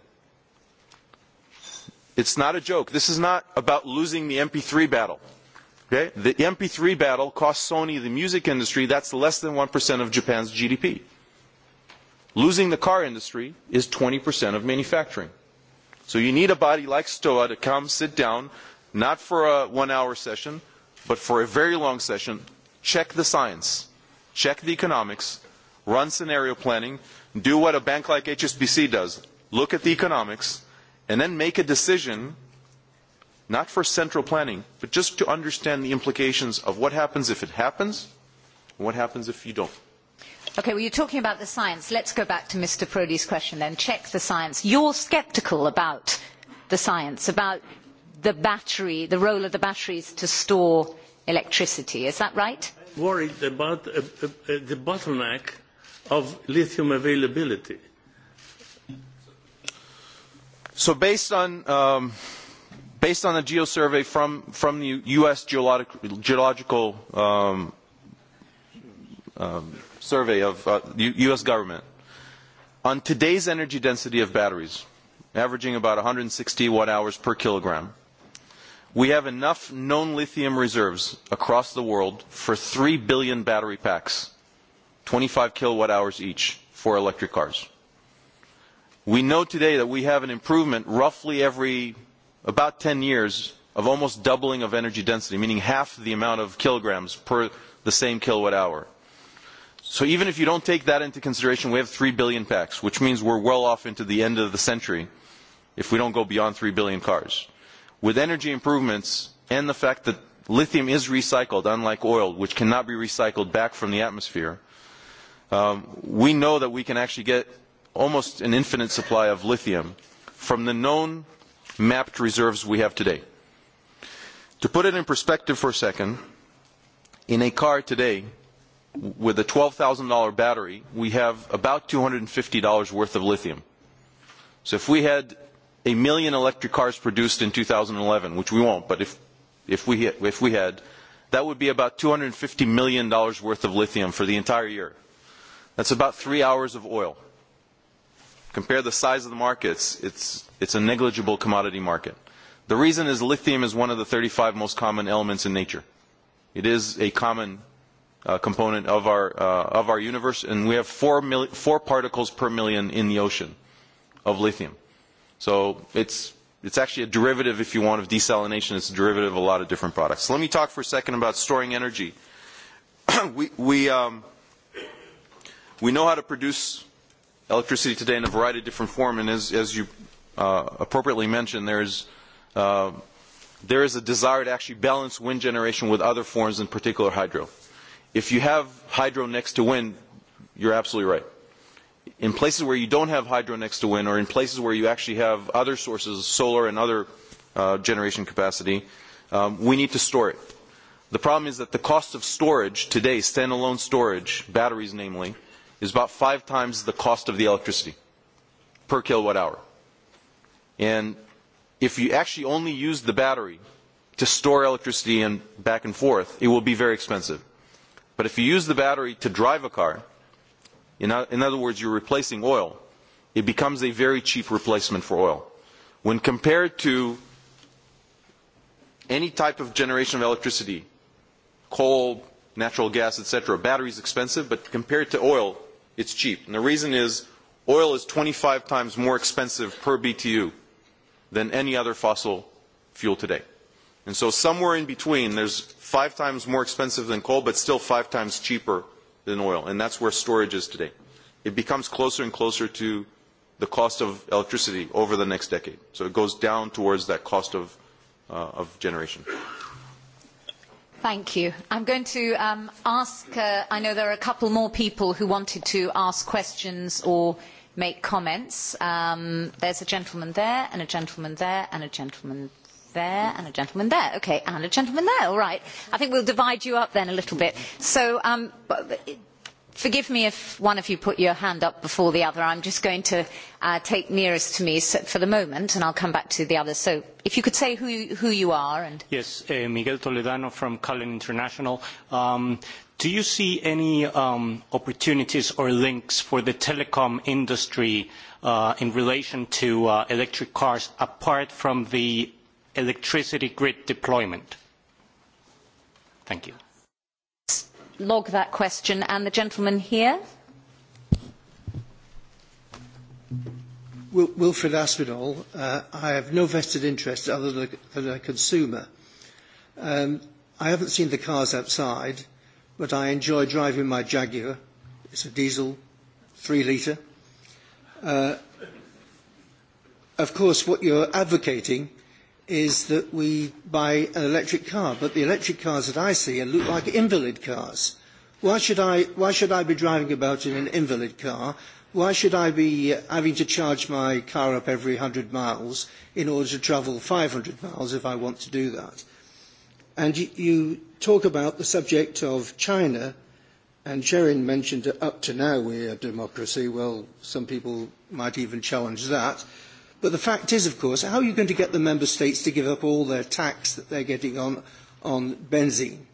It's not a joke. This is not about losing the MP3 battle. The MP3 battle costs Sony, the music industry, that's less than 1% of Japan's GDP. Losing the car industry is 20% of manufacturing. So you need a body like STOA to come sit down, not for a one-hour session, but for a very long session, check the science, check the economics, run scenario planning, do what a bank like HSBC does, look at the economics, and then make a decision, not for central planning, but just to understand the implications of what happens if it happens, and what happens if you don't. Okay, well, you're talking about the science. Let's go back to Mr. Prodi's question then. Check the science. You're skeptical about the science, about the battery, the role of the batteries to store electricity. Is that right? Worried about the bottleneck of lithium availability? So based on based on a geo survey from from the U.S. geological survey of the U.S. government, on today's energy density of batteries, averaging about 160 watt hours per kilogram, we have enough known lithium reserves across the world for 3 billion battery packs. 25 kilowatt hours each for electric cars. We know today that we have an improvement roughly every about 10 years of almost doubling of energy density, meaning half the amount of kilograms per the same kilowatt hour. So even if you don't take that into consideration, we have 3 billion packs, which means we're well off into the end of the century if we don't go beyond 3 billion cars. With energy improvements and the fact that lithium is recycled, unlike oil, which cannot be recycled back from the atmosphere, we know that we can actually get almost an infinite supply of lithium from the known mapped reserves we have today. To put it in perspective for a second, in a car today with a $12,000 battery, we have about $250 worth of lithium. So if we had a million electric cars produced in 2011, which we won't, but if we had, that would be about $250 million worth of lithium for the entire year That's about three hours of oil. Compare the size of the markets, it's a negligible commodity market. The reason is lithium is one of the 35 most common elements in nature. It is a common component of our universe, and we have four particles per million in the ocean of lithium. So it's actually a derivative, if you want, of desalination. It's a derivative of a lot of different products. Let me talk for a second about storing energy. We We know how to produce electricity today in a variety of different forms, and as you appropriately mentioned, there is a desire to actually balance wind generation with other forms, in particular hydro. If you have hydro next to wind, you're absolutely right. In places where you don't have hydro next to wind, or in places where you actually have other sources, solar and other generation capacity, we need to store it. The problem is that the cost of storage today, standalone storage, batteries namely, is about five times the cost of the electricity per kilowatt hour. And if you actually only use the battery to store electricity and back and forth, it will be very expensive. But if you use the battery to drive a car, in other words, you're replacing oil, it becomes a very cheap replacement for oil. When compared to any type of generation of electricity, coal, natural gas, etc., battery is expensive, but compared to oil, it's cheap. And the reason is oil is 25 times more expensive per BTU than any other fossil fuel today. And so somewhere in between, there's five times more expensive than coal, but still five times cheaper than oil. And that's where storage is today. It becomes closer and closer to the cost of electricity over the next decade. So it goes down towards that cost of generation. Thank you. I'm going to ask, I know there are a couple more people who wanted to ask questions or make comments. There's a gentleman there, and a gentleman there, and a gentleman there, and a gentleman there. Okay, and a gentleman there. All right. I think we'll divide you up then a little bit. So Forgive me if one of you put your hand up before the other. I'm just going to take nearest to me for the moment, and I'll come back to the others. So if you could say who you are. and Yes, Miguel Toledano from Cullen International. Do you see any opportunities or links for the telecom industry in relation to electric cars apart from the electricity grid deployment? Thank you log that question. And the gentleman here. Wilfred Aspinall. I have no vested interest other than a consumer. I haven't seen the cars outside, but I enjoy driving my Jaguar. It's a diesel, three litre. Of course, what you're advocating is that we buy an electric car, but the electric cars that I see look like invalid cars. Why should I why should I be driving about in an invalid car? Why should I be having to charge my car up every 100 miles in order to travel 500 miles if I want to do that? And you talk about the subject of China, and Sharon mentioned that up to now we're a democracy. Well, some people might even challenge that. But the fact is, of course, how are you going to get the member states to give up all their tax that they're getting on on benzene?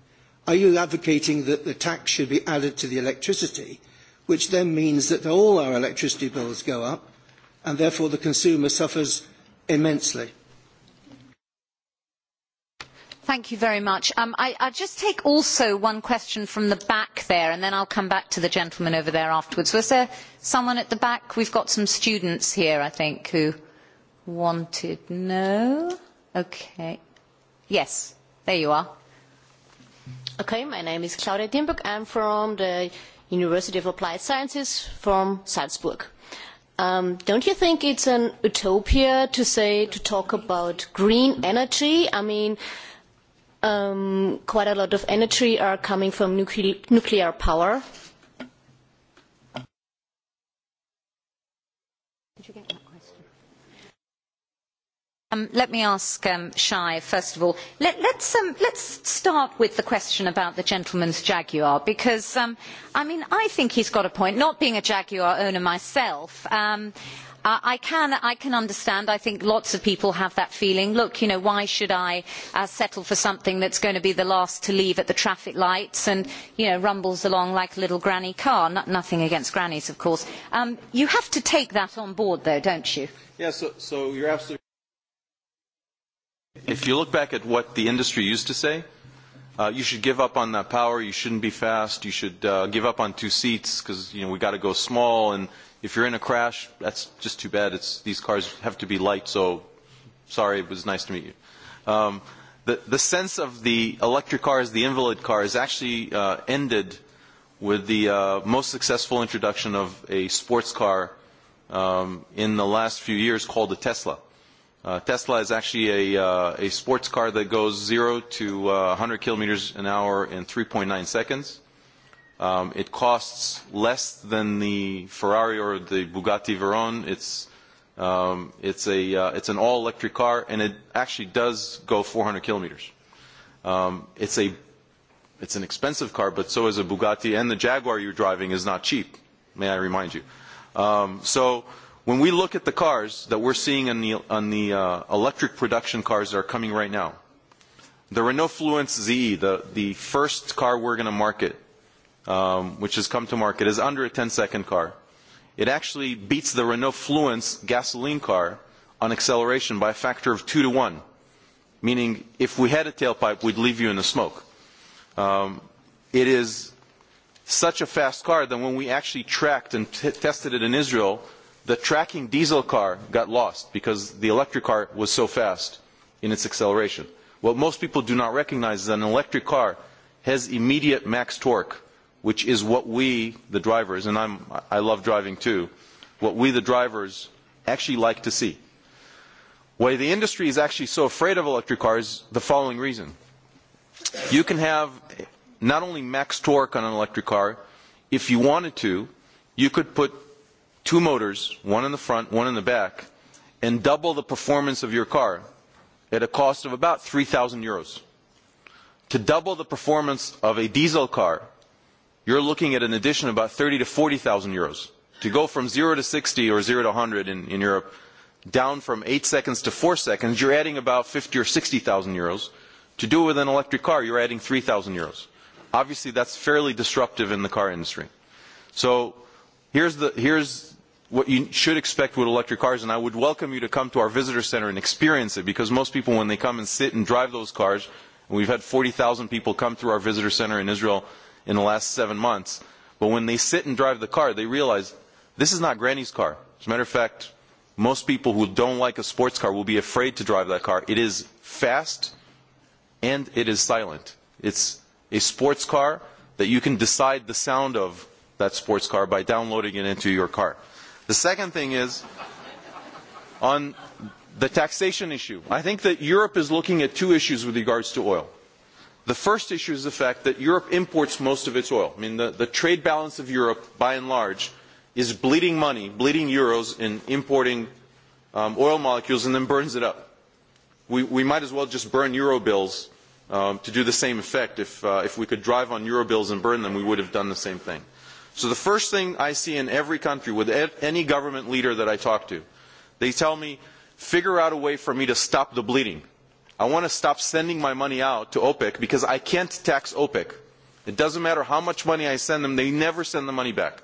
Are you advocating that the tax should be added to the electricity, which then means that all our electricity bills go up, and therefore the consumer suffers immensely? Thank you very much. I'll just take also one question from the back there, and then I'll come back to the gentleman over there afterwards. Was there someone at the back? We've got some students here, I think, who wanted. No. Okay. Yes. There you are. Okay. My name is Claudia Dienberg. I'm from the University of Applied Sciences from Salzburg. Don't you think it's an utopia to say to talk about green energy? I mean, quite a lot of energy are coming from nuclear power Let me ask Shai, first of all. let Let's start with the question about the gentleman's Jaguar, because, I mean, I think he's got a point. Not being a Jaguar owner myself, I can I can understand. I think lots of people have that feeling. Look, you know, why should I settle for something that's going to be the last to leave at the traffic lights and, you know, rumbles along like a little granny car? Nothing against grannies, of course. You have to take that on board, though, don't you? Yes, so you're absolutely If you look back at what the industry used to say, you should give up on that power, you shouldn't be fast, you should give up on two seats because you know, we got to go small, and if you're in a crash, that's just too bad. It's, these cars have to be light, so sorry, it was nice to meet you. Um, the, the sense of the electric car as the invalid car is actually ended with the most successful introduction of a sports car in the last few years called the Tesla Tesla is actually a sports car that goes zero to 100 kilometers an hour in 3.9 seconds. It costs less than the Ferrari or the Bugatti Veyron. It's it's a an all-electric car, and it actually does go 400 kilometers. It's an expensive car, but so is a Bugatti, and the Jaguar you're driving is not cheap, may I remind you. So When we look at the cars that we're seeing on the electric production cars that are coming right now, the Renault Fluence Z, the first car we're going to market, which has come to market, is under a 10-second car. It actually beats the Renault Fluence gasoline car on acceleration by a factor of two to one, meaning if we had a tailpipe, we'd leave you in the smoke. It is such a fast car that when we actually tracked and tested it in Israel, the tracking diesel car got lost because the electric car was so fast in its acceleration. What most people do not recognize is that an electric car has immediate max torque, which is what we, the drivers, and I love driving too, what we, the drivers, actually like to see. Why the industry is actually so afraid of electric cars, is the following reason. You can have not only max torque on an electric car, if you wanted to, you could put two motors, one in the front, one in the back, and double the performance of your car at a cost of about 3,000 euros. To double the performance of a diesel car, you're looking at an addition of about 30 to 40,000 euros. To go from 0 to 60 or 0 to 100 in Europe, down from 8 seconds to 4 seconds, you're adding about 50 or 60,000 euros. To do it with an electric car, you're adding 3,000 euros. Obviously, that's fairly disruptive in the car industry. So here's the here's what you should expect with electric cars, and I would welcome you to come to our visitor center and experience it, because most people, when they come and sit and drive those cars, and we've had 40,000 people come through our visitor center in Israel in the last seven months, but when they sit and drive the car, they realize this is not Granny's car. As a matter of fact, most people who don't like a sports car will be afraid to drive that car. It is fast, and it is silent. It's a sports car that you can decide the sound of that sports car by downloading it into your car. The second thing is on the taxation issue. I think that Europe is looking at two issues with regards to oil. The first issue is the fact that Europe imports most of its oil. I mean, the trade balance of Europe, by and large, is bleeding money, bleeding euros in importing oil molecules and then burns it up. We might as well just burn euro bills to do the same effect. If we could drive on euro bills and burn them, we would have done the same thing. So the first thing I see in every country with any government leader that I talk to, they tell me, figure out a way for me to stop the bleeding. I want to stop sending my money out to OPEC because I can't tax OPEC. It doesn't matter how much money I send them, they never send the money back.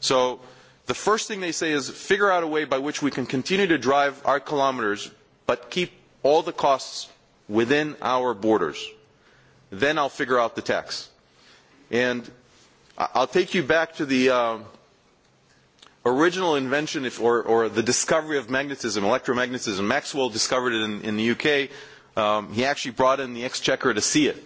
So the first thing they say is figure out a way by which we can continue to drive our kilometers but keep all the costs within our borders. Then I'll figure out the tax. And I'll take you back to the original invention or the discovery of magnetism, electromagnetism. Maxwell discovered it in the UK. He actually brought in the exchequer to see it.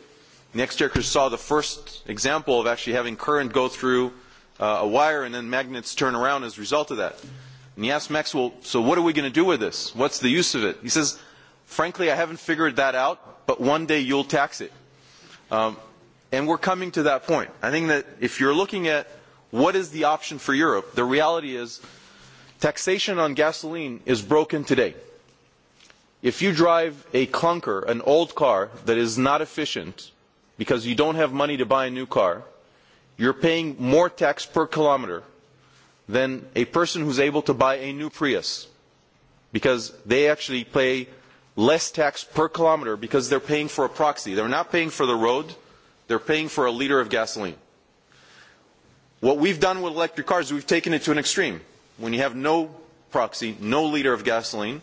The Exchequer saw the first example of actually having current go through a wire and then magnets turn around as a result of that. And he asked Maxwell, so what are we going to do with this? What's the use of it? He says, frankly, I haven't figured that out, but one day you'll tax it and we're coming to that point. I think that if you're looking at what is the option for Europe, the reality is taxation on gasoline is broken today. If you drive a clunker, an old car that is not efficient because you don't have money to buy a new car, you're paying more tax per kilometer than a person who's able to buy a new Prius because they actually pay less tax per kilometer because they're paying for a proxy. They're not paying for the road They're paying for a liter of gasoline. What we've done with electric cars is we've taken it to an extreme. When you have no proxy, no liter of gasoline,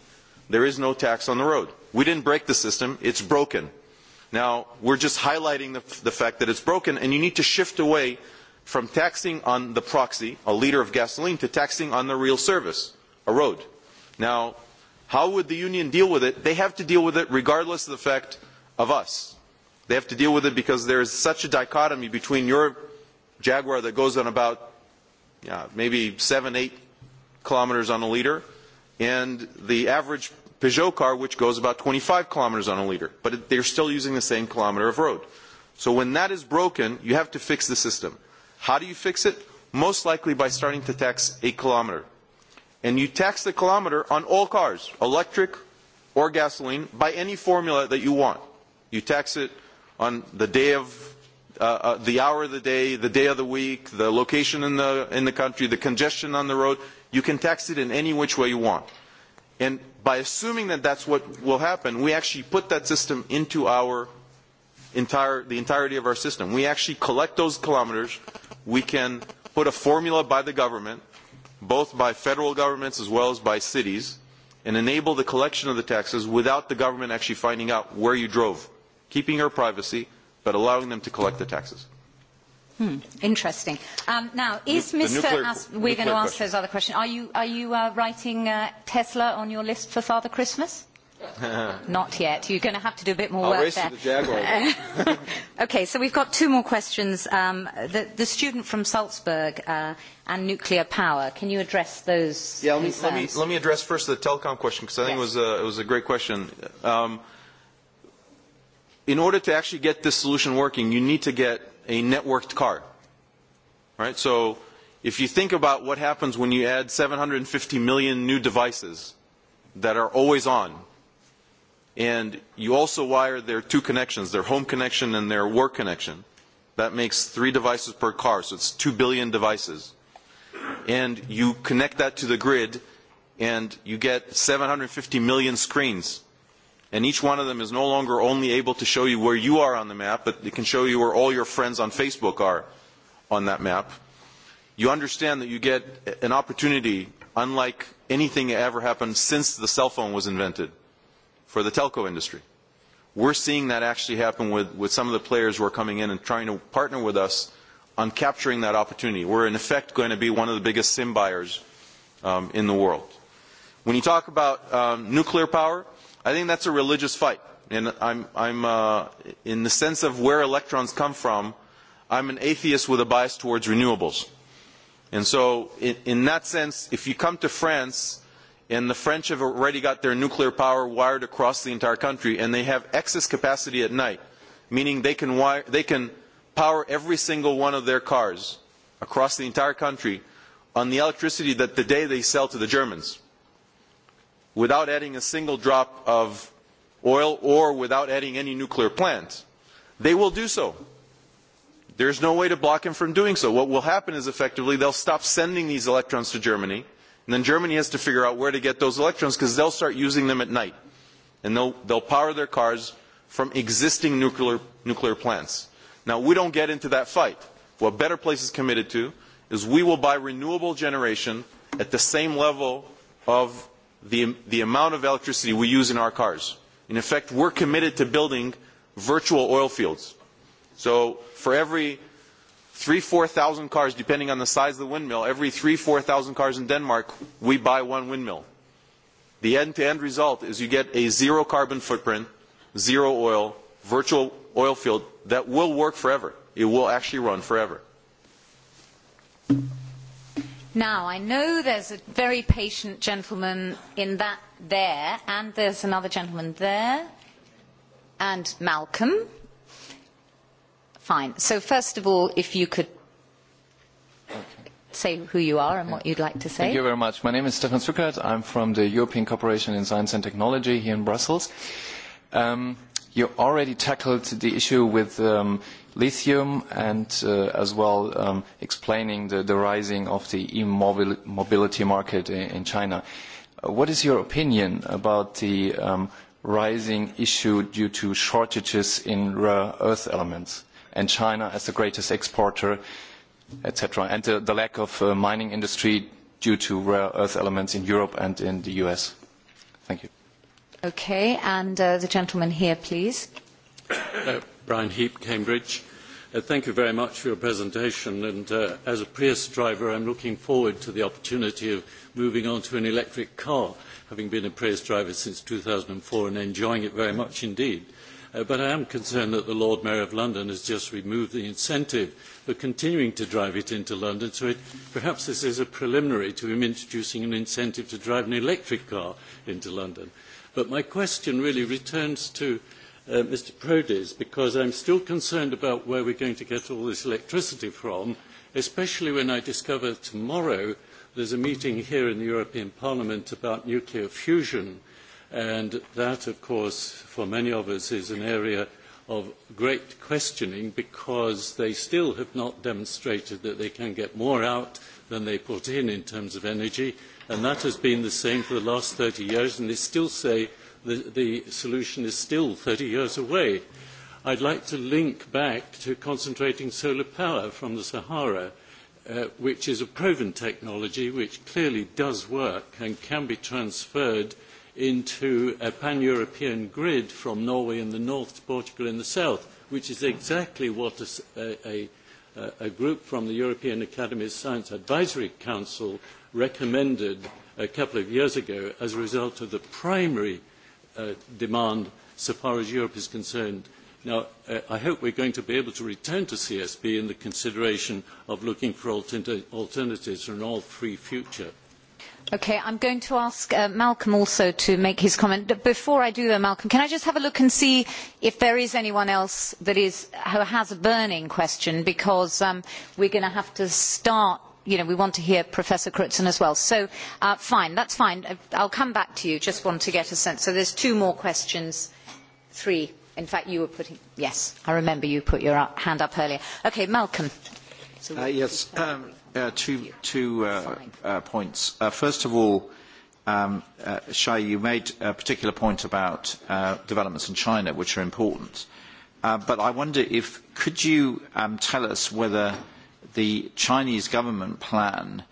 there is no tax on the road. We didn't break the system. It's broken. Now, we're just highlighting the fact that it's broken, and you need to shift away from taxing on the proxy, a liter of gasoline, to taxing on the real service, a road. Now, how would the union deal with it? They have to deal with it regardless of the fact of us. They have to deal with it because there is such a dichotomy between your Jaguar that goes on about maybe seven, eight kilometers on a liter and the average Peugeot car which goes about 25 kilometers on a liter. But they're still using the same kilometer of road. So when that is broken, you have to fix the system. How do you fix it? Most likely by starting to tax a kilometer. And you tax the kilometer on all cars, electric or gasoline, by any formula that you want. You tax it on the day of the hour of the day, the day of the week, the location in the country, the congestion on the road. You can tax it in any which way you want. And by assuming that that's what will happen, we actually put that system into our entire, the entirety of our system. We actually collect those kilometers. We can put a formula by the government, both by federal governments as well as by cities, and enable the collection of the taxes without the government actually finding out where you drove keeping our privacy, but allowing them to collect the taxes. Interesting. Now, is Mr. We're going to ask those other questions. Are you are you writing Tesla on your list for Father Christmas? Not yet. You're going to have to do a bit more work there. Okay, so we've got two more questions. The student from Salzburg and nuclear power. Can you address those? Yeah, let me address first the telecom question because I think it was it was a great question in order to actually get this solution working, you need to get a networked car. Right? So if you think about what happens when you add 750 million new devices that are always on, and you also wire their two connections, their home connection and their work connection, that makes three devices per car, so it's two billion devices. And you connect that to the grid, and you get 750 million screens and each one of them is no longer only able to show you where you are on the map, but it can show you where all your friends on Facebook are on that map. You understand that you get an opportunity unlike anything that ever happened since the cell phone was invented for the telco industry. We're seeing that actually happen with some of the players who are coming in and trying to partner with us on capturing that opportunity. We're in effect going to be one of the biggest sim buyers in the world. When you talk about nuclear power, I think that's a religious fight. And in the sense of where electrons come from, I'm an atheist with a bias towards renewables. And so in that sense, if you come to France, and the French have already got their nuclear power wired across the entire country, and they have excess capacity at night, meaning they can power every single one of their cars across the entire country on the electricity that the day they sell to the Germans without adding a single drop of oil or without adding any nuclear plants. They will do so. There is no way to block them from doing so. What will happen is effectively they'll stop sending these electrons to Germany, and then Germany has to figure out where to get those electrons because they'll start using them at night, and they'll power their cars from existing nuclear plants. Now, we don't get into that fight. What Better Place is committed to is we will buy renewable generation at the same level of the amount of electricity we use in our cars. In effect, we're committed to building virtual oil fields. So for every three, 4000 cars, depending on the size of the windmill, every three, 4000 cars in Denmark, we buy one windmill. The end-to-end result is you get a zero carbon footprint, zero oil, virtual oil field that will work forever. It will actually run forever. Now, I know there's a very patient gentleman in that there, and there's another gentleman there, and Malcolm. Fine. So first of all, if you could say who you are and what you'd like to say. Thank you very much. My name is Stefan Zuckert. I'm from the European Cooperation in Science and Technology here in Brussels. You already tackled the issue with lithium and as well explaining the rising of the e-mobility market in China. What is your opinion about the rising issue due to shortages in rare earth elements and China as the greatest exporter, etc., and the lack of mining industry due to rare earth elements in Europe and in the US? Thank you. Okay, and the gentleman here, please. Brian Heap, Cambridge. Thank you very much for your presentation, and as a Prius driver, I'm looking forward to the opportunity of moving on to an electric car, having been a Prius driver since 2004 and enjoying it very much indeed. But I am concerned that the Lord Mayor of London has just removed the incentive for continuing to drive it into London, so perhaps this is a preliminary to him introducing an incentive to drive an electric car into London. But my question really returns to Mr. Prodi's because I'm still concerned about where we're going to get all this electricity from, especially when I discover tomorrow there's a meeting here in the European Parliament about nuclear fusion, and that, of course, for many of us is an area of great questioning because they still have not demonstrated that they can get more out than they put in in terms of energy, and that has been the same for the last 30 years, and they still say the solution is still 30 years away. I'd like to link back to concentrating solar power from the Sahara, which is a proven technology which clearly does work and can be transferred into a pan-European grid from Norway in the north to Portugal in the south, which is exactly what a group from the European Academy of Science Advisory Council recommended a couple of years ago as a result of the primary demand so far as Europe is concerned. Now, I hope we're going to be able to return to CSB in the consideration of looking for alternatives for an all-free future. Okay, I'm going to ask Malcolm also to make his comment. Before I do, though, Malcolm, can I just have a look and see if there is anyone else that is who has a burning question, because we're going to have to start you know, we want to hear Professor Crutzen as well. So, fine, that's fine. I'll come back to you. Just want to get a sense. So there's two more questions. Three. In fact, you were putting... Yes, I remember you put your hand up earlier. Okay, Malcolm. Yes, two points. First of all, Shai, you made a particular point about developments in China, which are important. But I wonder if, could you tell us whether the Chinese government plan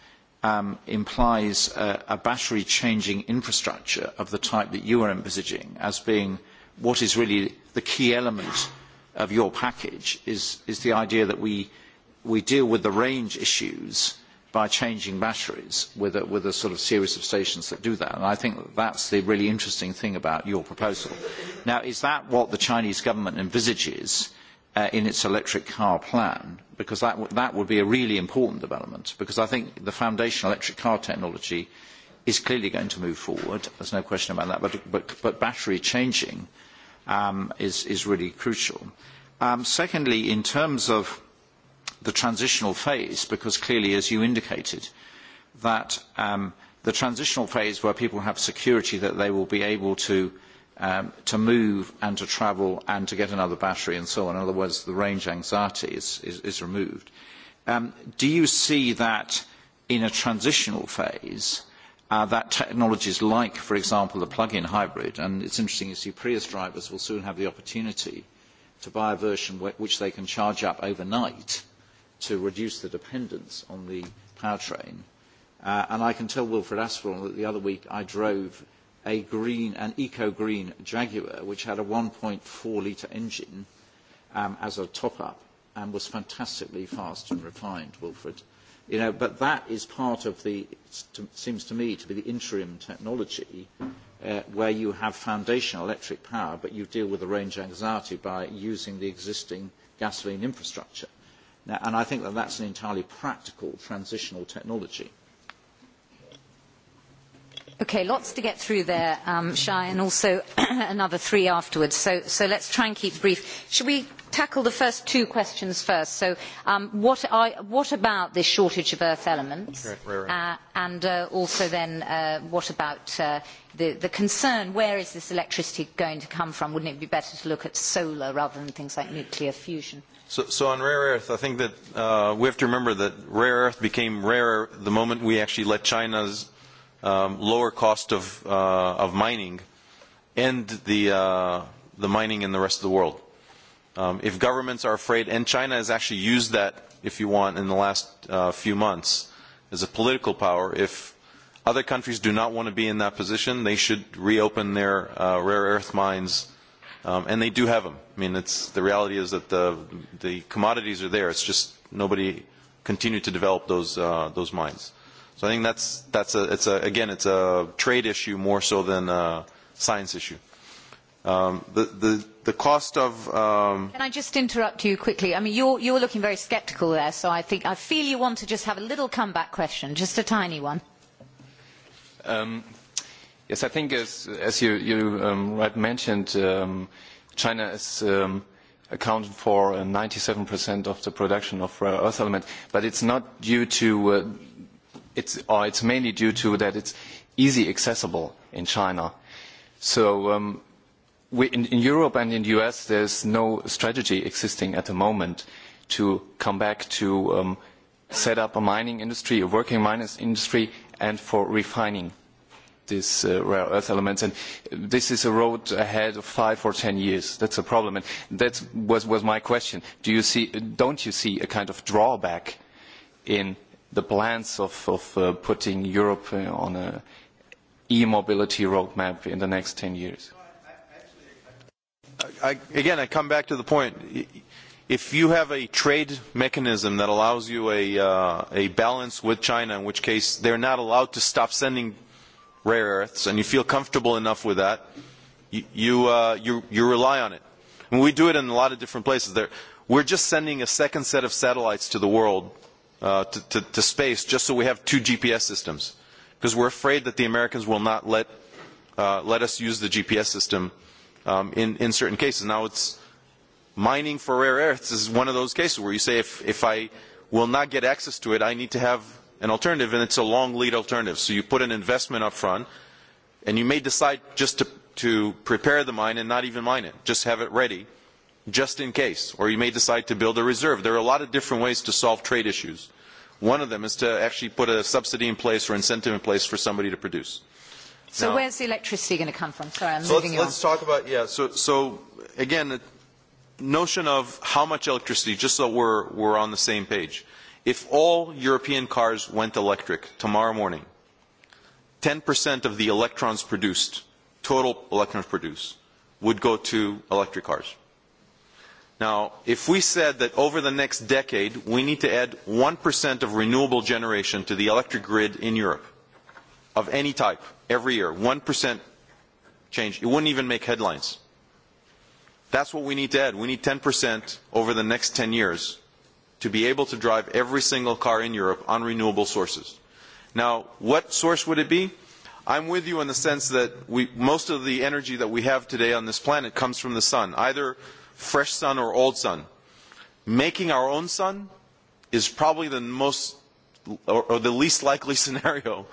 implies a battery-changing infrastructure of the type that you are envisaging as being what is really the key element of your package is the idea that we deal with the range issues by changing batteries with a sort of series of stations that do that. And I think that that's the really interesting thing about your proposal. Now, is that what the Chinese government envisages in its electric car plan, because that would be a really important development, because I think the foundation electric car technology is clearly going to move forward. There's no question about that. But battery changing is really crucial. Secondly, in terms of the transitional phase, because clearly, as you indicated, that the transitional phase where people have security that they will be able to to move and to travel and to get another battery and so on. In other words, the range anxiety is removed. Do you see that in a transitional phase, that technologies like, for example, the plug-in hybrid, and it's interesting you see Prius drivers will soon have the opportunity to buy a version which they can charge up overnight to reduce the dependence on the powertrain. And I can tell Wilfred Aspel that the other week I drove a green, an eco-green Jaguar, which had a 1.4-litre engine as a top-up and was fantastically fast and refined, Wilfred. You know, but that is part of the, seems to me, to be the interim technology where you have foundational electric power, but you deal with the range anxiety by using the existing gasoline infrastructure. And I think that that's an entirely practical transitional technology Okay, lots to get through there, Shai, and also another three afterwards. So let's try and keep brief. Should we tackle the first two questions first? So what about this shortage of earth elements? And also then what about the concern, where is this electricity going to come from? Wouldn't it be better to look at solar rather than things like nuclear fusion? So on rare earth, I think that we have to remember that rare earth became rarer the moment we actually let China's lower cost of of mining and the the mining in the rest of the world. If governments are afraid, and China has actually used that, if you want, in the last few months as a political power, if other countries do not want to be in that position, they should reopen their rare earth mines, and they do have them. I mean, it's the reality is that the the commodities are there. It's just nobody continued to develop those those mines. So I think that's that's a it's a again it's a trade issue more so than a science issue. The the the cost of Can I just interrupt you quickly? I mean you're you're looking very sceptical there, so I think I feel you want to just have a little comeback question, just a tiny one. Yes, I think as you you right mentioned, China is accounted for 97% of the production of rare earth elements, but it's not due to it's mainly due to that it's easy accessible in China. So in Europe and in the US, there's no strategy existing at the moment to come back to set up a mining industry, a working mining industry, and for refining these rare earth elements. And this is a road ahead of five or ten years. That's a problem. And that was my question. Don't you see a kind of drawback in the plans of putting Europe on an e-mobility roadmap in the next 10 years? Again, I come back to the point. If you have a trade mechanism that allows you a balance with China, in which case they're not allowed to stop sending rare earths, and you feel comfortable enough with that, you rely on it. We do it in a lot of different places. We're just sending a second set of satellites to the world to to space just so we have two GPS systems, because we're afraid that the Americans will not let us use the GPS system in certain cases. Now, it's mining for rare earths is one of those cases where you say, if if I will not get access to it, I need to have an alternative, and it's a long lead alternative. So you put an investment up front, and you may decide just to to prepare the mine and not even mine it, just have it ready just in case, or you may decide to build a reserve. There are a lot of different ways to solve trade issues. One of them is to actually put a subsidy in place or incentive in place for somebody to produce. So where's the electricity going to come from? Sorry, I'm moving you on. Let's talk about, yeah, so again, the notion of how much electricity, just so we're on the same page. If all European cars went electric tomorrow morning, 10% of the electrons produced, total electrons produced, would go to electric cars. Now, if we said that over the next decade we need to add 1% of renewable generation to the electric grid in Europe, of any type, every year, 1% change, it wouldn't even make headlines. That's what we need to add. We need 10% over the next 10 years to be able to drive every single car in Europe on renewable sources. Now, what source would it be? I'm with you in the sense that most of the energy that we have today on this planet comes from the sun, either fresh sun or old sun. Making our own sun is probably the most or the least likely scenario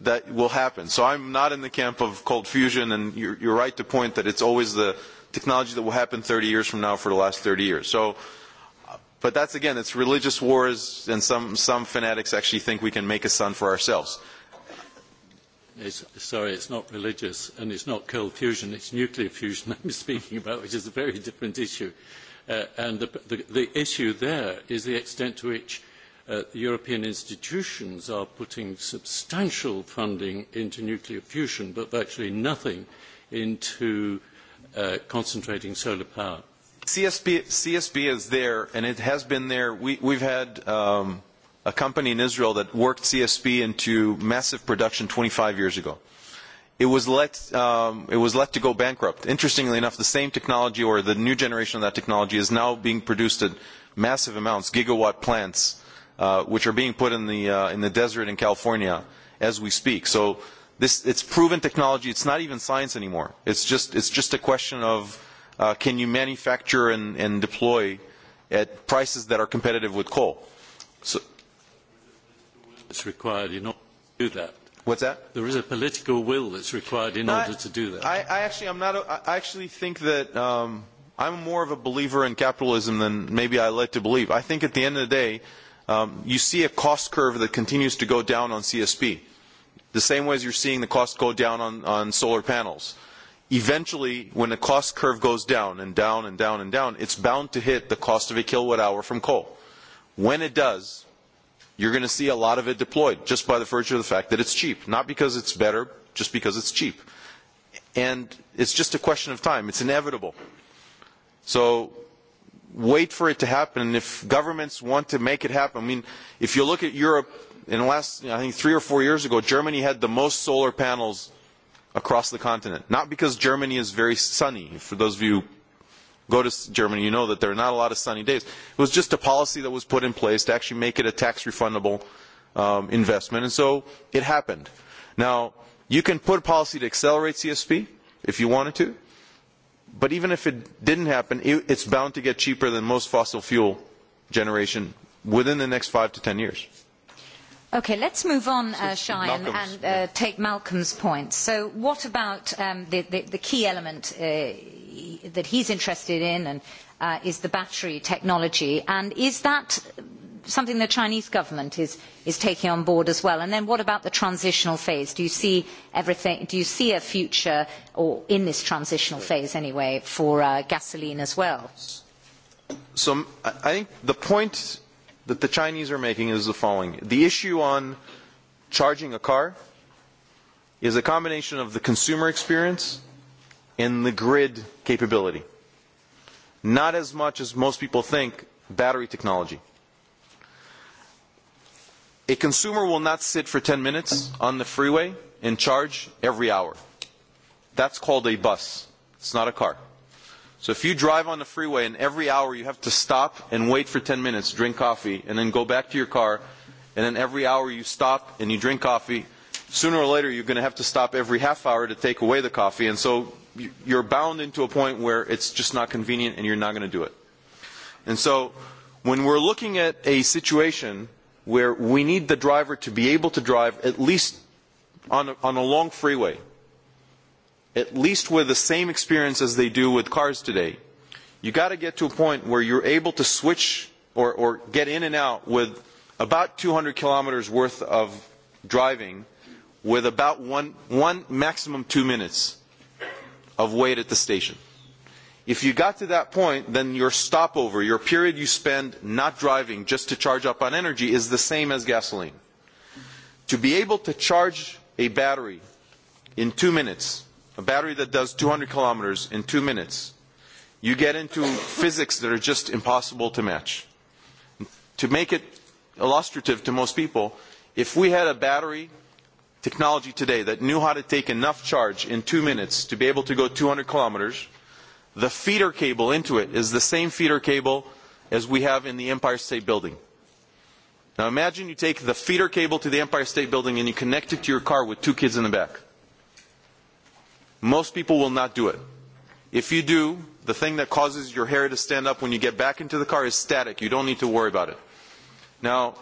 that will happen. So I'm not in the camp of cold fusion, and you're right to point that it's always the technology that will happen 30 years from now for the last 30 years. So, but that's again, it's religious wars, and some some fanatics actually think we can make a sun for ourselves. Sorry, it's not religious and it's not cold fusion, it's nuclear fusion I'm speaking about, which is a very different issue. And the issue there is the extent to which the European institutions are putting substantial funding into nuclear fusion, but virtually nothing into concentrating solar power. CSB is there, and it has been there. We've had a company in Israel that worked CSP into massive production 25 years ago. It was let to go bankrupt. Interestingly enough, the same technology or the new generation of that technology is now being produced at massive amounts, gigawatt plants, which are being put in the desert in California as we speak. So this it's proven technology. It's not even science anymore. It's just a question of can you manufacture and deploy at prices that are competitive with coal that's required in order to do that. What's that? There is a political will that's required in order to do that. I I actually, I'm not. I actually think that I'm more of a believer in capitalism than maybe I like to believe. I think at the end of the day, you see a cost curve that continues to go down on CSP, the same way as you're seeing the cost go down on on solar panels. Eventually, when the cost curve goes down and down and down and down, it's bound to hit the cost of a kilowatt hour from coal. When it does you're going to see a lot of it deployed just by the virtue of the fact that it's cheap. Not because it's better, just because it's cheap. And it's just a question of time. It's inevitable. So wait for it to happen. and If governments want to make it happen, I mean, if you look at Europe, in the last, I think, three or four years ago, Germany had the most solar panels across the continent. Not because Germany is very sunny. For those of you go to Germany, you know that there are not a lot of sunny days. It was just a policy that was put in place to actually make it a tax-refundable investment, and so it happened. Now, you can put a policy to accelerate CSP if you wanted to, but even if it didn't happen, it's bound to get cheaper than most fossil fuel generation within the next five to ten years. Okay, let's move on, Cheyenne, and take Malcolm's point. So what about the key element that he's interested in and is the battery technology. And is that something the Chinese government is taking on board as well? And then what about the transitional phase? Do you see a future, or in this transitional phase anyway, for gasoline as well? So I think the point that the Chinese are making is the following. The issue on charging a car is a combination of the consumer experience in the grid capability. Not as much as most people think battery technology. A consumer will not sit for 10 minutes on the freeway and charge every hour. That's called a bus. It's not a car. So if you drive on the freeway and every hour you have to stop and wait for 10 minutes, drink coffee, and then go back to your car, and then every hour you stop and you drink coffee, sooner or later you're going to have to stop every half hour to take away the coffee, and so you're bound into a point where it's just not convenient and you're not going to do it. And so when we're looking at a situation where we need the driver to be able to drive at least on a long freeway, at least with the same experience as they do with cars today, you got to get to a point where you're able to switch or get in and out with about 200 kilometers worth of driving with about one maximum two minutes of wait at the station. If you got to that point, then your stopover, your period you spend not driving just to charge up on energy is the same as gasoline. To be able to charge a battery in two minutes, a battery that does 200 kilometers in two minutes, you get into physics that are just impossible to match. To make it illustrative to most people, if we had a battery technology today that knew how to take enough charge in two minutes to be able to go 200 kilometers. The feeder cable into it is the same feeder cable as we have in the Empire State Building. Now imagine you take the feeder cable to the Empire State Building and you connect it to your car with two kids in the back. Most people will not do it. If you do, the thing that causes your hair to stand up when you get back into the car is static. You don't need to worry about it. Now,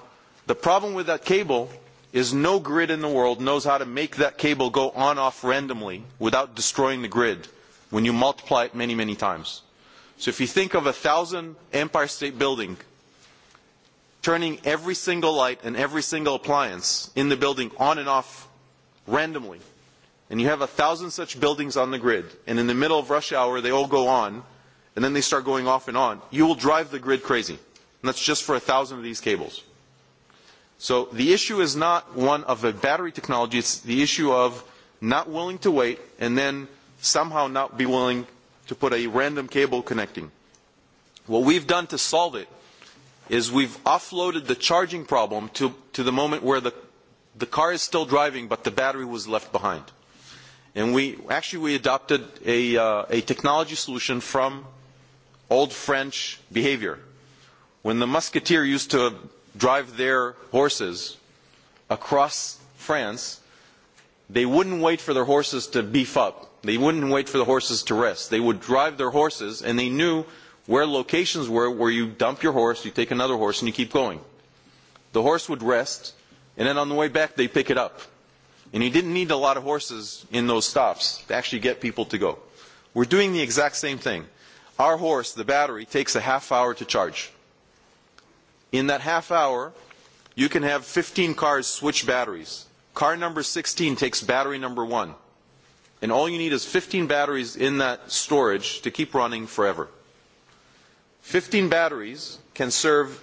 the problem with that cable is no grid in the world knows how to make that cable go on off randomly without destroying the grid when you multiply it many, many times. So if you think of a thousand Empire State Building, turning every single light and every single appliance in the building on and off randomly, and you have a thousand such buildings on the grid, and in the middle of rush hour they all go on, and then they start going off and on, you will drive the grid crazy. And that's just for a thousand of these cables. So the issue is not one of a battery technology. It's the issue of not willing to wait and then somehow not be willing to put a random cable connecting. What we've done to solve it is we've offloaded the charging problem to the moment where the car is still driving but the battery was left behind. And we actually we adopted a technology solution from old French behavior. When the musketeer used to drive their horses across France, they wouldn't wait for their horses to beef up. They wouldn't wait for the horses to rest. They would drive their horses, and they knew where locations were where you dump your horse, you take another horse, and you keep going. The horse would rest, and then on the way back, they pick it up. And you didn't need a lot of horses in those stops to actually get people to go. We're doing the exact same thing. Our horse, the battery, takes a half hour to charge in that half hour you can have 15 cars switch batteries car number 16 takes battery number one, and all you need is 15 batteries in that storage to keep running forever 15 batteries can serve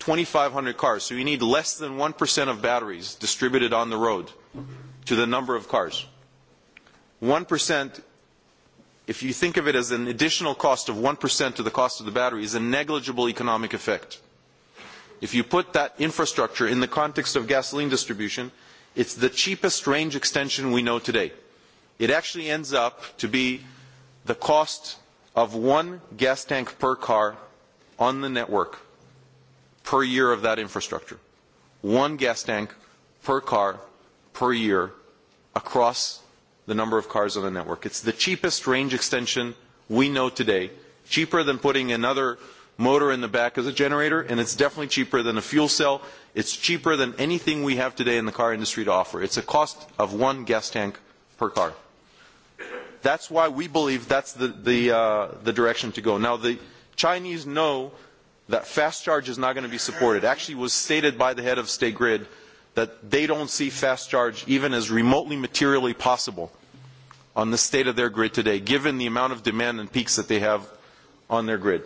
2500 cars so you need less than 1% of batteries distributed on the road to the number of cars 1% if you think of it as an additional cost of 1% to the cost of the battery is a negligible economic effect If you put that infrastructure in the context of gasoline distribution, it's the cheapest range extension we know today. It actually ends up to be the cost of one gas tank per car on the network per year of that infrastructure. One gas tank per car per year across the number of cars on the network. It's the cheapest range extension we know today, cheaper than putting another motor in the back as a generator, and it's definitely cheaper than a fuel cell. It's cheaper than anything we have today in the car industry to offer. It's a cost of one gas tank per car. That's why we believe that's the direction to go. Now, the Chinese know that fast charge is not going to be supported. Actually, was stated by the head of State Grid that they don't see fast charge even as remotely materially possible on the state of their grid today, given the amount of demand and peaks that they have on their grid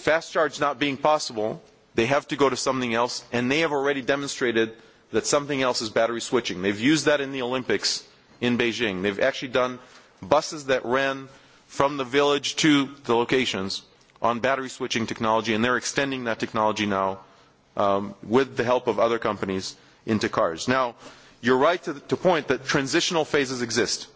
fast charge not being possible, they have to go to something else, and they have already demonstrated that something else is battery switching. They've used that in the Olympics in Beijing. They've actually done buses that ran from the village to the locations on battery switching technology, and they're extending that technology now with the help of other companies into cars. Now, you're right to point that transitional phases exist.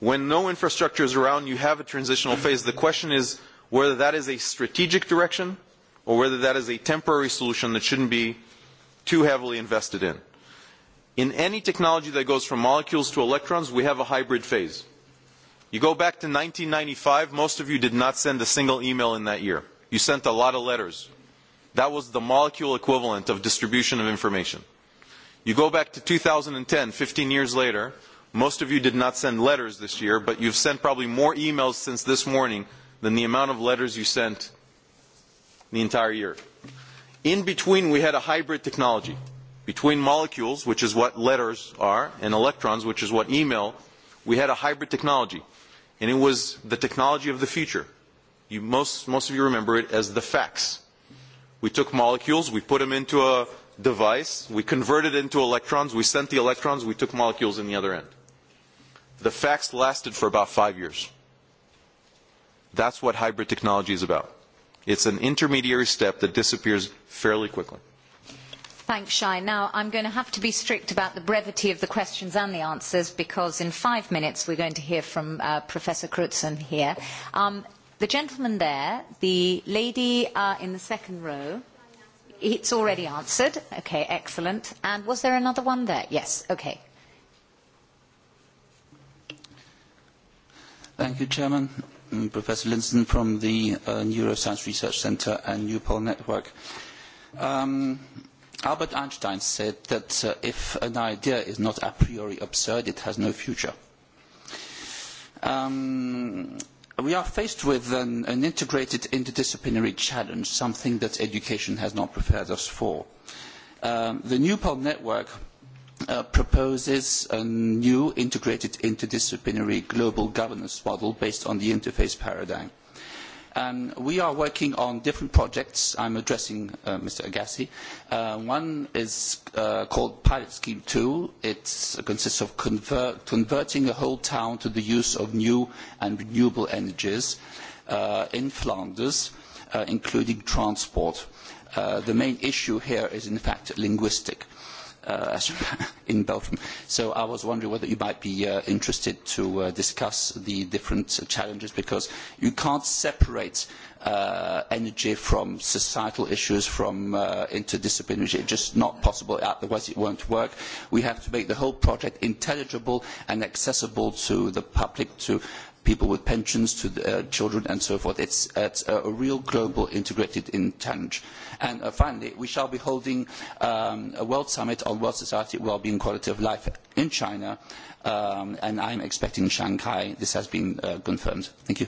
When no infrastructure is around, you have a transitional phase. The question is, whether that is a strategic direction or whether that is a temporary solution that shouldn't be too heavily invested in. In any technology that goes from molecules to electrons, we have a hybrid phase. You go back to 1995, most of you did not send a single email in that year. You sent a lot of letters. That was the molecule equivalent of distribution of information. You go back to 2010, 15 years later, most of you did not send letters this year, but you've sent probably more emails since this morning than the amount of letters you sent the entire year. In between, we had a hybrid technology between molecules, which is what letters are, and electrons, which is what email. We had a hybrid technology, and it was the technology of the future. Most of you remember it as the fax. We took molecules, we put them into a device, we converted into electrons, we sent the electrons, we took molecules in the other end. The fax lasted for about five years. That's what hybrid technology is about. It's an intermediary step that disappears fairly quickly. Thanks, Shai. Now, I'm going to have to be strict about the brevity of the questions and the answers because in five minutes we're going to hear from Professor Crutzen here. The gentleman there, the lady in the second row, it's already answered. Okay, excellent. And was there another one there? Yes, okay. Thank you, Chairman. Professor Linson from the Neuroscience Research Center and Newpol Network. Albert Einstein said that if an idea is not a priori absurd, it has no future. We are faced with an integrated interdisciplinary challenge, something that education has not prepared us for. The Newpol Network proposes a new integrated interdisciplinary global governance model based on the interface paradigm. We are working on different projects. am addressing Mr. Agassi. One is called Pilot Scheme 2. It consists of converting a whole town to the use of new and renewable energies in Flanders, including transport. The main issue here is, in fact, linguistic in Belgium. So I was wondering whether you might be interested to discuss the different challenges, because you can't separate energy from societal issues, from interdisciplinary issues. It's just not possible. Otherwise, it won't work. We have to make the whole project intelligible and accessible to the public, to people with pensions to children and so forth. It's a real global integrated challenge. And finally, we shall be holding a World Summit on World Society Wellbeing Quality of Life in China, and I I'm expecting Shanghai. This has been confirmed. Thank you.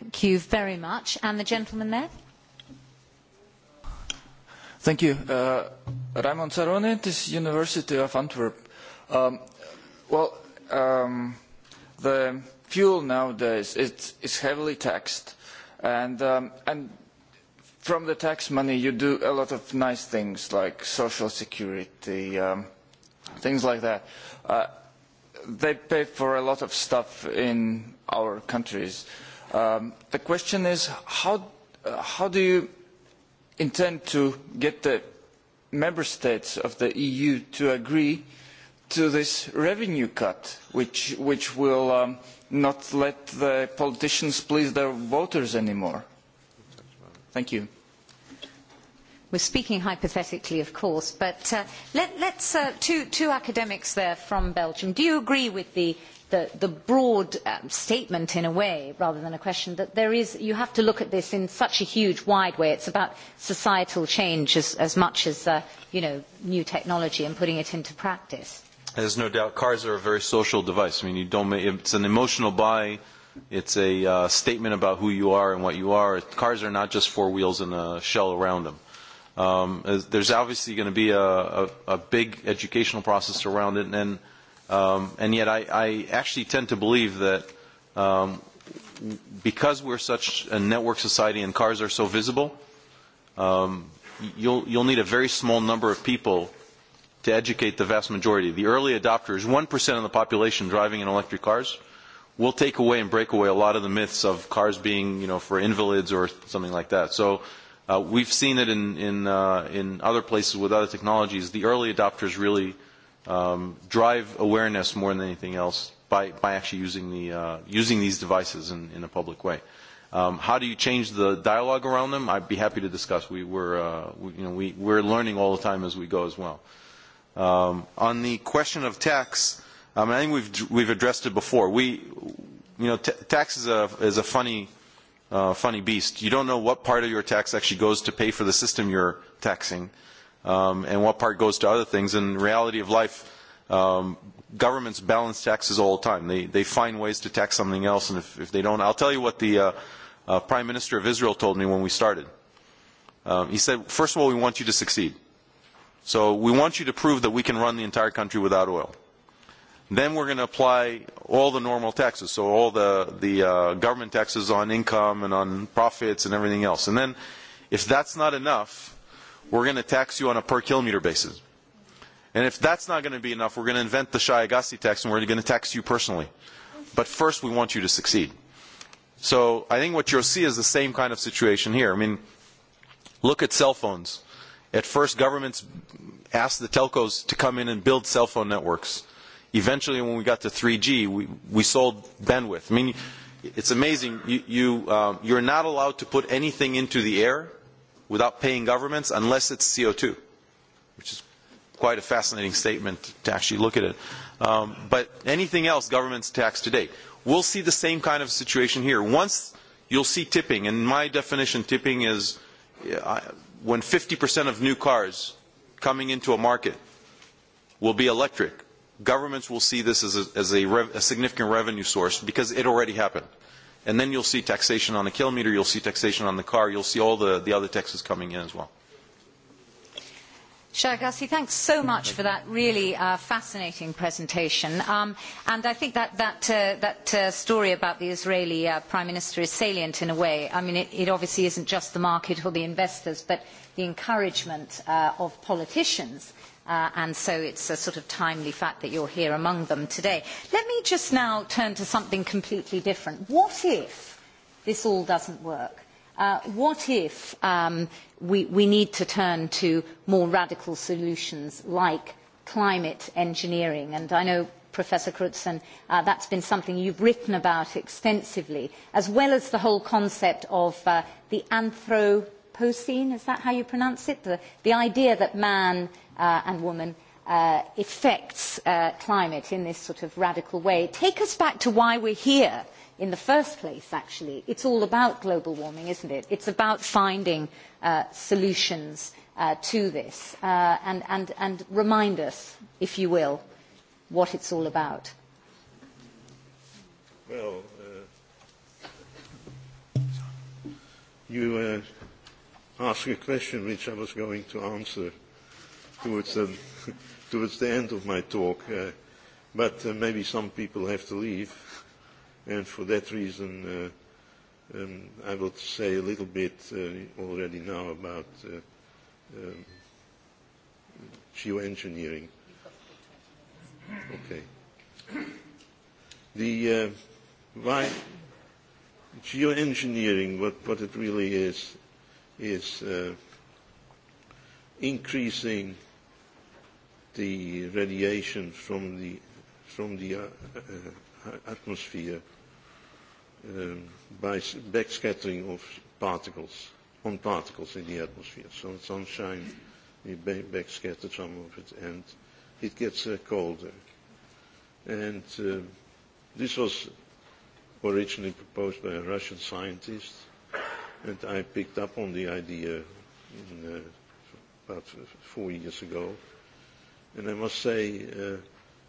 Thank you very much. And the gentleman there? Thank you. Raymond this University of Antwerp. Well, the fuel nowadays is heavily taxed and from the tax money you do a lot of nice things like social security, things like that. They pay for a lot of stuff in our countries. The question is how do you intend to get the member states of the EU to agree to this revenue cut, which will not let the politicians please their voters anymore. Thank you. We're speaking hypothetically, of course, but let's two academics there from Belgium. Do you agree with the broad statement, in a way, rather than a question, that there is you have to look at this in such a huge, wide way? It's about societal change as much as, you know, new technology and putting it into practice. There's no doubt, cars are a very social device. I mean, you don't make, it's an emotional buy. It's a statement about who you are and what you are. Cars are not just four wheels and a shell around them. There's obviously going to be a big educational process around it, and and yet I actually tend to believe that because we're such a network society and cars are so visible, you'll you'll need a very small number of people to educate the vast majority. The early adopters, 1% of the population driving in electric cars, will take away and break away a lot of the myths of cars being, you know, for invalids or something like that. So we've seen it in in in other places with other technologies. The early adopters really drive awareness more than anything else by by actually using the using these devices in in a public way. How do you change the dialogue around them? I'd be happy to discuss. We were, you know, we we're learning all the time as we go as well. On the question of tax, I think we've addressed it before. We, you know, tax is a a funny funny beast. You don't know what part of your tax actually goes to pay for the system you're taxing, and what part goes to other things. In reality of life, governments balance taxes all the time. They they find ways to tax something else, and if they don't, I'll tell you what the Prime Minister of Israel told me when we started. He said, first of all, we want you to succeed. So we want you to prove that we can run the entire country without oil. Then we're going to apply all the normal taxes, so all the the government taxes on income and on profits and everything else. And then, if that's not enough, we're going to tax you on a per kilometer basis. And if that's not going to be enough, we're going to invent the Shiagasi tax and we're going to tax you personally. But first, we want you to succeed. So I think what you'll see is the same kind of situation here. I mean, look at cell phones At first, governments asked the telcos to come in and build cell phone networks. Eventually, when we got to 3G, we sold bandwidth. I mean, it's amazing. you You're not allowed to put anything into the air without paying governments unless it's CO2, which is quite a fascinating statement to actually look at it. But anything else, governments tax today. We'll see the same kind of situation here. Once you'll see tipping, and my definition tipping is when 50% of new cars coming into a market will be electric, governments will see this as a significant revenue source because it already happened. And then you'll see taxation on the kilometer, you'll see taxation on the car, you'll see all the other taxes coming in as well. Shahgassi, thanks so much for that really fascinating presentation. And I think that story about the Israeli Prime Minister is salient in a way. I mean, it obviously isn't just the market or the investors, but the encouragement of politicians. And so it's a sort of timely fact that you're here among them today. Let me just now turn to something completely different. What if this all doesn't work? What if we need to turn to more radical solutions like climate engineering? And I know, Professor Crutzen, that's been something you've written about extensively, as well as the whole concept of the Anthropocene, is that how you pronounce it? The idea that man and woman affects climate in this sort of radical way. Take us back to why we're here in the first place, actually. It's all about global warming, isn't it? It's about finding solutions to this and remind us, if you will, what it's all about. Well, you asked a question which I was going to answer towards the towards the end of my talk, but maybe some people have to leave. And for that reason, I will say a little bit already now about geoengineering. Okay. The why geoengineering, what what it really is, is increasing the radiation from the from the atmosphere by backscattering of particles, on particles in the atmosphere. So sunshine, we backscatter some of it, and it gets colder. And this was originally proposed by a Russian scientist, and I picked up on the idea about four years ago. And I must say,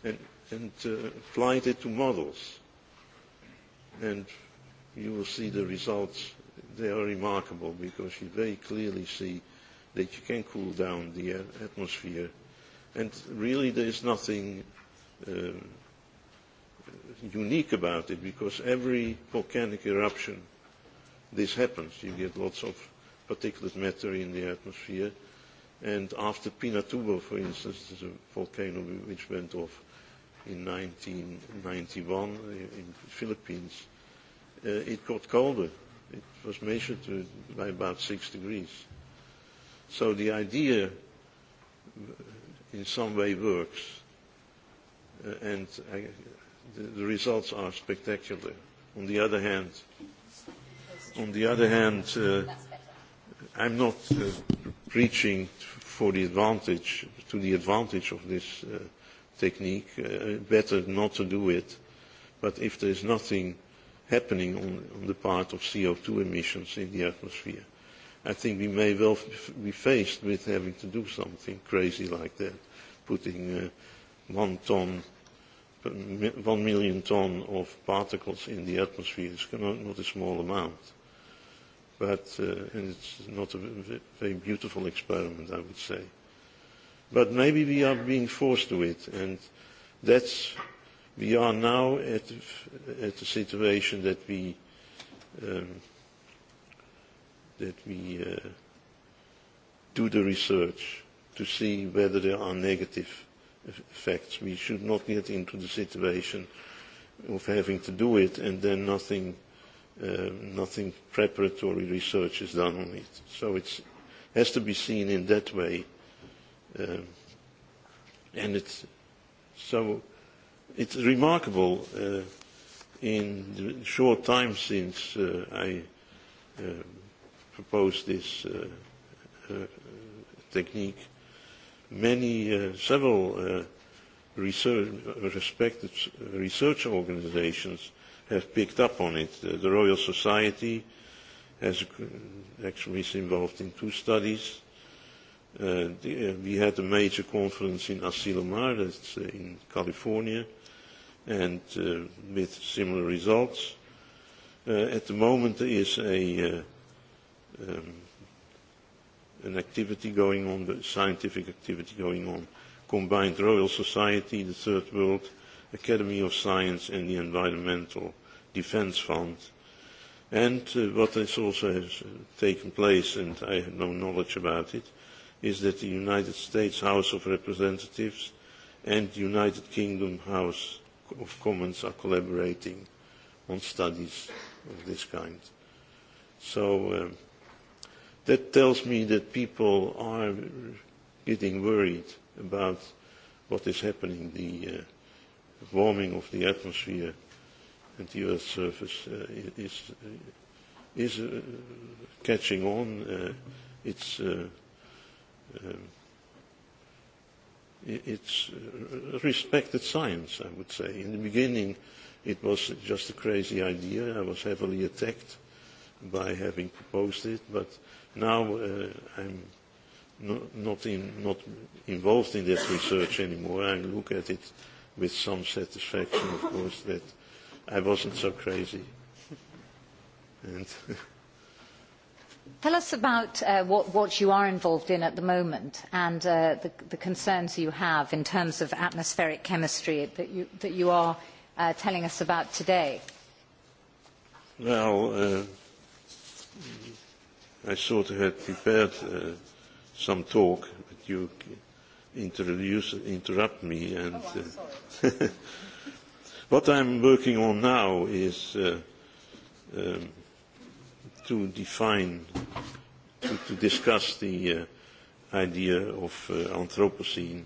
and and applied it to models. And you will see the results. They are remarkable because you very clearly see that you can cool down the atmosphere. And really there is nothing unique about it because every volcanic eruption, this happens. You get lots of particulate matter in the atmosphere. And after Pinatubo, for instance, there's a volcano which went off in 1991 in the Philippines, it got colder. It was measured by about six degrees. So the idea in some way works, and the results are spectacular. On the other hand, on the other hand, I'm not preaching for the advantage, to the advantage of this technique, better not to do it. But if there is nothing happening on the part of CO2 emissions in the atmosphere, I think we may well be faced with having to do something crazy like that, putting one ton, one million ton of particles in the atmosphere. is not a small amount, but and it's not a very beautiful experiment, I would say. But maybe we are being forced to it, and that's we are now at at the situation that we that we do the research to see whether there are negative effects. We should not get into the situation of having to do it and then nothing nothing preparatory research is done on it. So it has to be seen in that way and it's so it's remarkable in the short time since I proposed this technique, many several research respected research organisations have picked up on it. The Royal Society has actually is involved in two studies We had a major conference in Asilomar, that's in California, and with similar results. At the moment there is a an activity going on, the scientific activity going on, combined Royal Society, the Third World, Academy of Science and the Environmental Defence Fund. And what has also has taken place, and I have no knowledge about it, is that the United States House of Representatives and the United Kingdom House of Commons are collaborating on studies of this kind. So that tells me that people are getting worried about what is happening, the warming of the atmosphere and the Earth's surface is is catching on. It's it's respected science, I would say. In the beginning, it was just a crazy idea. I was heavily attacked by having proposed it, but now I'm not involved in that research anymore. I look at it with some satisfaction, of course, that I wasn't so crazy. And Tell us about what you are involved in at the moment and the concerns you have in terms of atmospheric chemistry that you are telling us about today. Well, I sort of had prepared some talk, but you interrupt me. and What I'm working on now is to define, to discuss the idea of Anthropocene.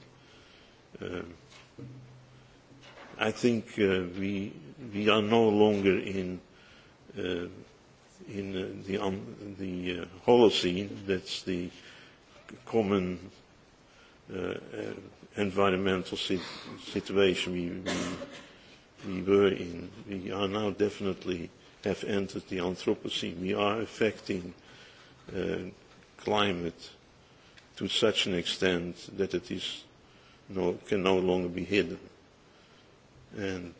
I think we we are no longer in in the the Holocene. That's the common environmental situation we we were in. We are now definitely have entered the Anthropocene. We are affecting climate to such an extent that it is no, can no longer be hidden. And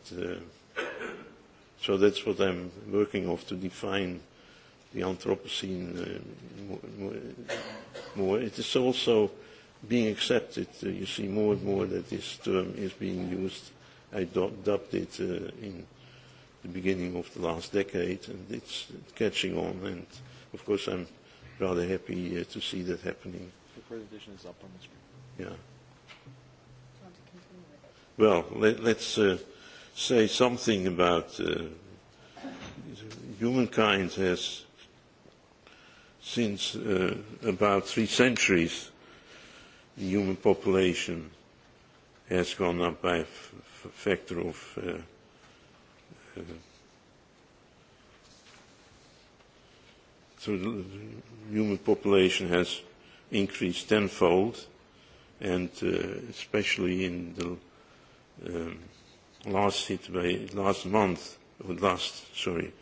so that's what I'm working on to define the Anthropocene more. It is also being accepted. You see more and more that this term is being used. I dubbed it in the beginning of the last decade, and it's catching on. And of course, I'm rather happy to see that happening. The is up on the screen. Yeah. Well, let, let's uh, say something about uh, humankind has, since uh, about three centuries, the human population has gone up by a factor of uh, So the human population has increased tenfold, and especially in the last by last month, or last sorry,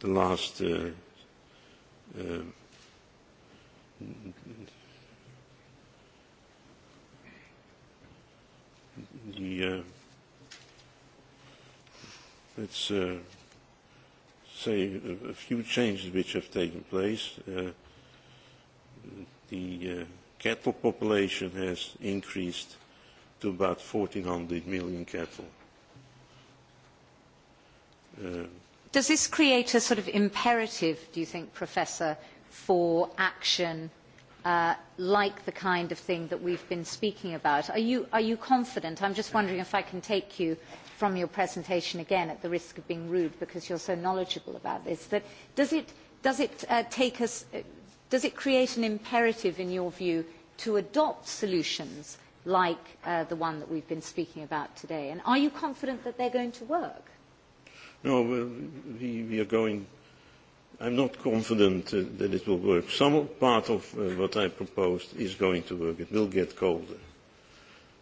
the last the let's say a few changes which have taken place. The cattle population has increased to about 1,400 million cattle. Does this create a sort of imperative, do you think, Professor, for action like the kind of thing that we've been speaking about? Are you confident? I'm just wondering if I can take you from your presentation again at the risk of being rude because you're so knowledgeable about this, that does it take us, does it create an imperative in your view to adopt solutions like the one that we've been speaking about today? And are you confident that they're going to work? No, we are going. I'm not confident that it will work. Some part of what I proposed is going to work. It will get colder.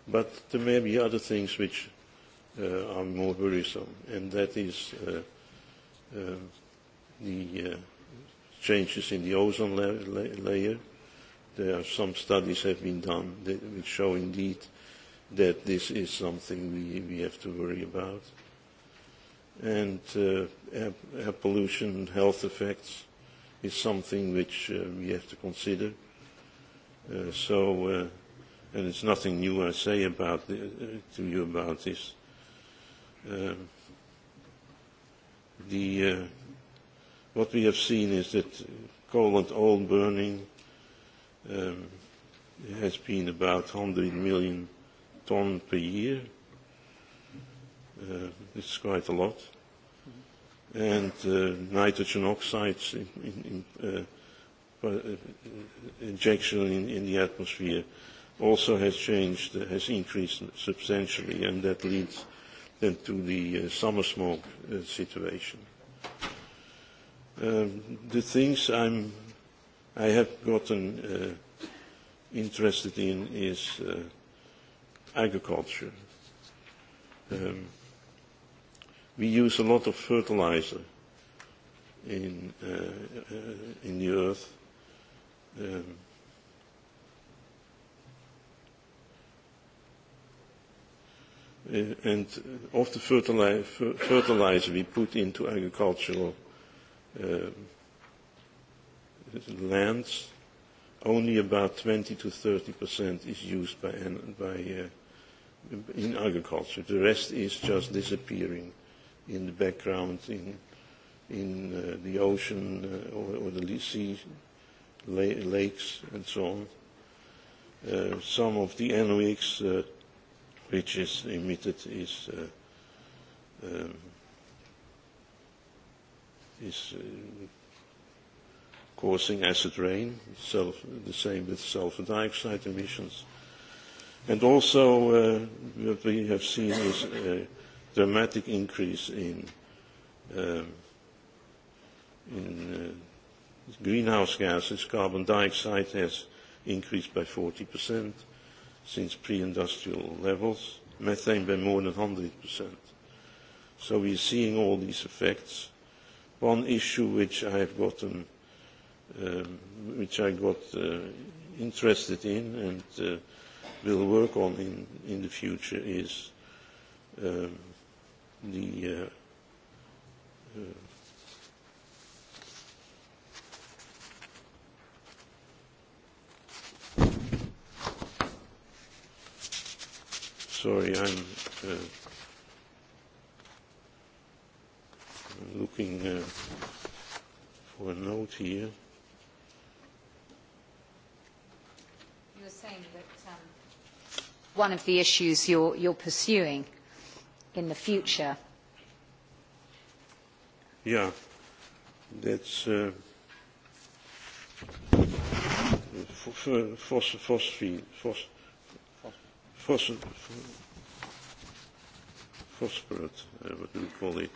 But there may be other things which are more worrisome, and that is the changes in the ozone layer. There are some studies have been done which show indeed that this is something we we have to worry about. And air pollution, health effects, is something which we have to consider. So, and it's nothing new I say about to you about this the what we have seen is that coal and oil burning has been about 100 million ton per year. It's quite a lot. And nitrogen oxides in injection in the atmosphere also has changed, has increased substantially, and that leads than to the summer smoke situation. Um The things I'm I have gotten interested in is agriculture. Um We use a lot of fertilizer in in the earth um and of the fertilizer we put into agricultural lands, only about 20 to 30 percent is used by by in agriculture. The rest is just disappearing in the background, in in the ocean or the sea, lakes and so on. Some of the NOx which is emitted is is causing acid rain, the same with sulfur dioxide emissions. And also what we have seen is a dramatic increase in in greenhouse gases. Carbon dioxide has increased by 40% since pre-industrial levels, methane by more than 100%. So we are seeing all these effects. One issue which I have gotten, which I got interested in and will work on in, in the future is the sorry, I'm looking for a note here. You were saying that one of the issues you're you're pursuing in the future. Yeah, that's phosphine Phosphorus, what do we call it?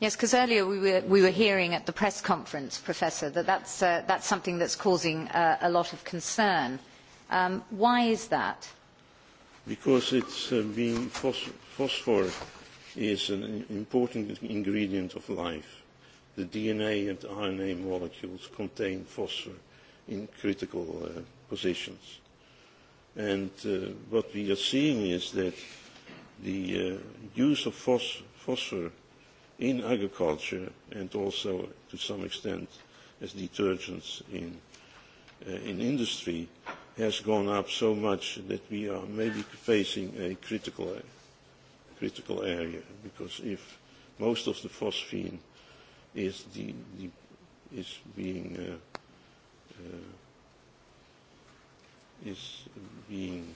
Yes, because earlier we were hearing at the press conference, Professor, that that's something that's causing a lot of concern. Why is that? Because it's being phosphorus is an important ingredient of life. The DNA and RNA molecules contain phosphor in critical positions And what we are seeing is that the use of phosphor in agriculture and also to some extent as detergents in in industry has gone up so much that we are maybe facing a critical critical area because if most of the phosphine is the is being is being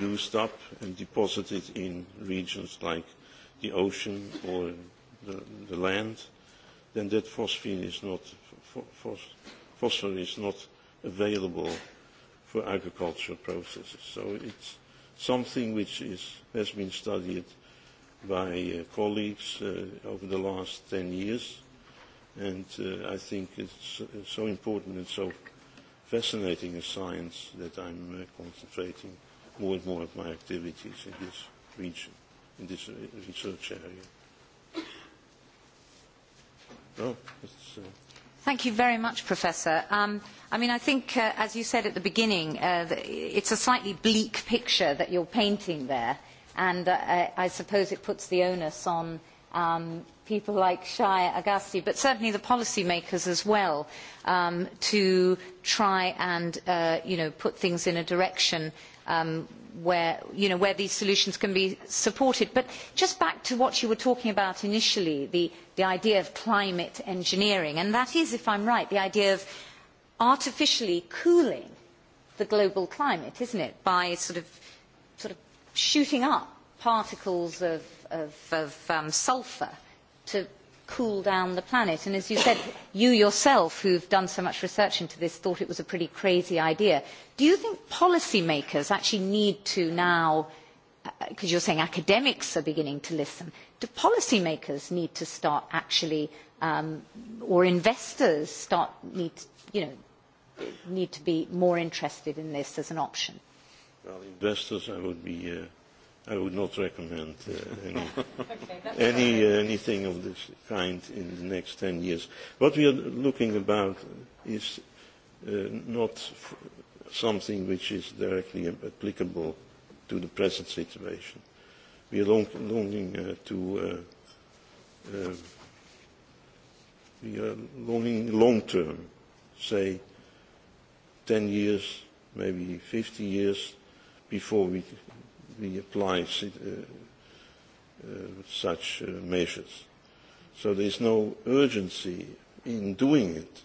used up and deposited in regions like the ocean or the land, then that phosphine is not phosphine is not available for agricultural processes. So it's something which is has been studied by colleagues over the last 10 years, and I think it's so important and so fascinating a science that I'm concentrating more and more of my activities in this region, in this research area. it's, Thank you very much, Professor. Um, I mean, I think, as you said at the beginning, it's a slightly bleak picture that you're painting there, and I suppose it puts the onus on um people like Shai Agassi, but certainly the policymakers as well, to try and put things in a direction where these solutions can be supported. But just back to what you were talking about initially, the idea of climate engineering, and that is, if I'm right, the idea of artificially cooling the global climate, isn't it, by sort of shooting up particles of sulfur to cool down the planet. And as you said, you yourself, who have done so much research into this, thought it was a pretty crazy idea. Do you think policymakers actually need to now, because you're saying academics are beginning to listen, do policymakers need to start actually, or investors start need, you know, need to be more interested in this as an option? Well, investors, I would be I would not recommend any anything of this kind in the next 10 years. What we are looking about is not something which is directly applicable to the present situation. We are longing to we are longing long term, say 10 years, maybe 50 years before we we apply such measures. So there is no urgency in doing it,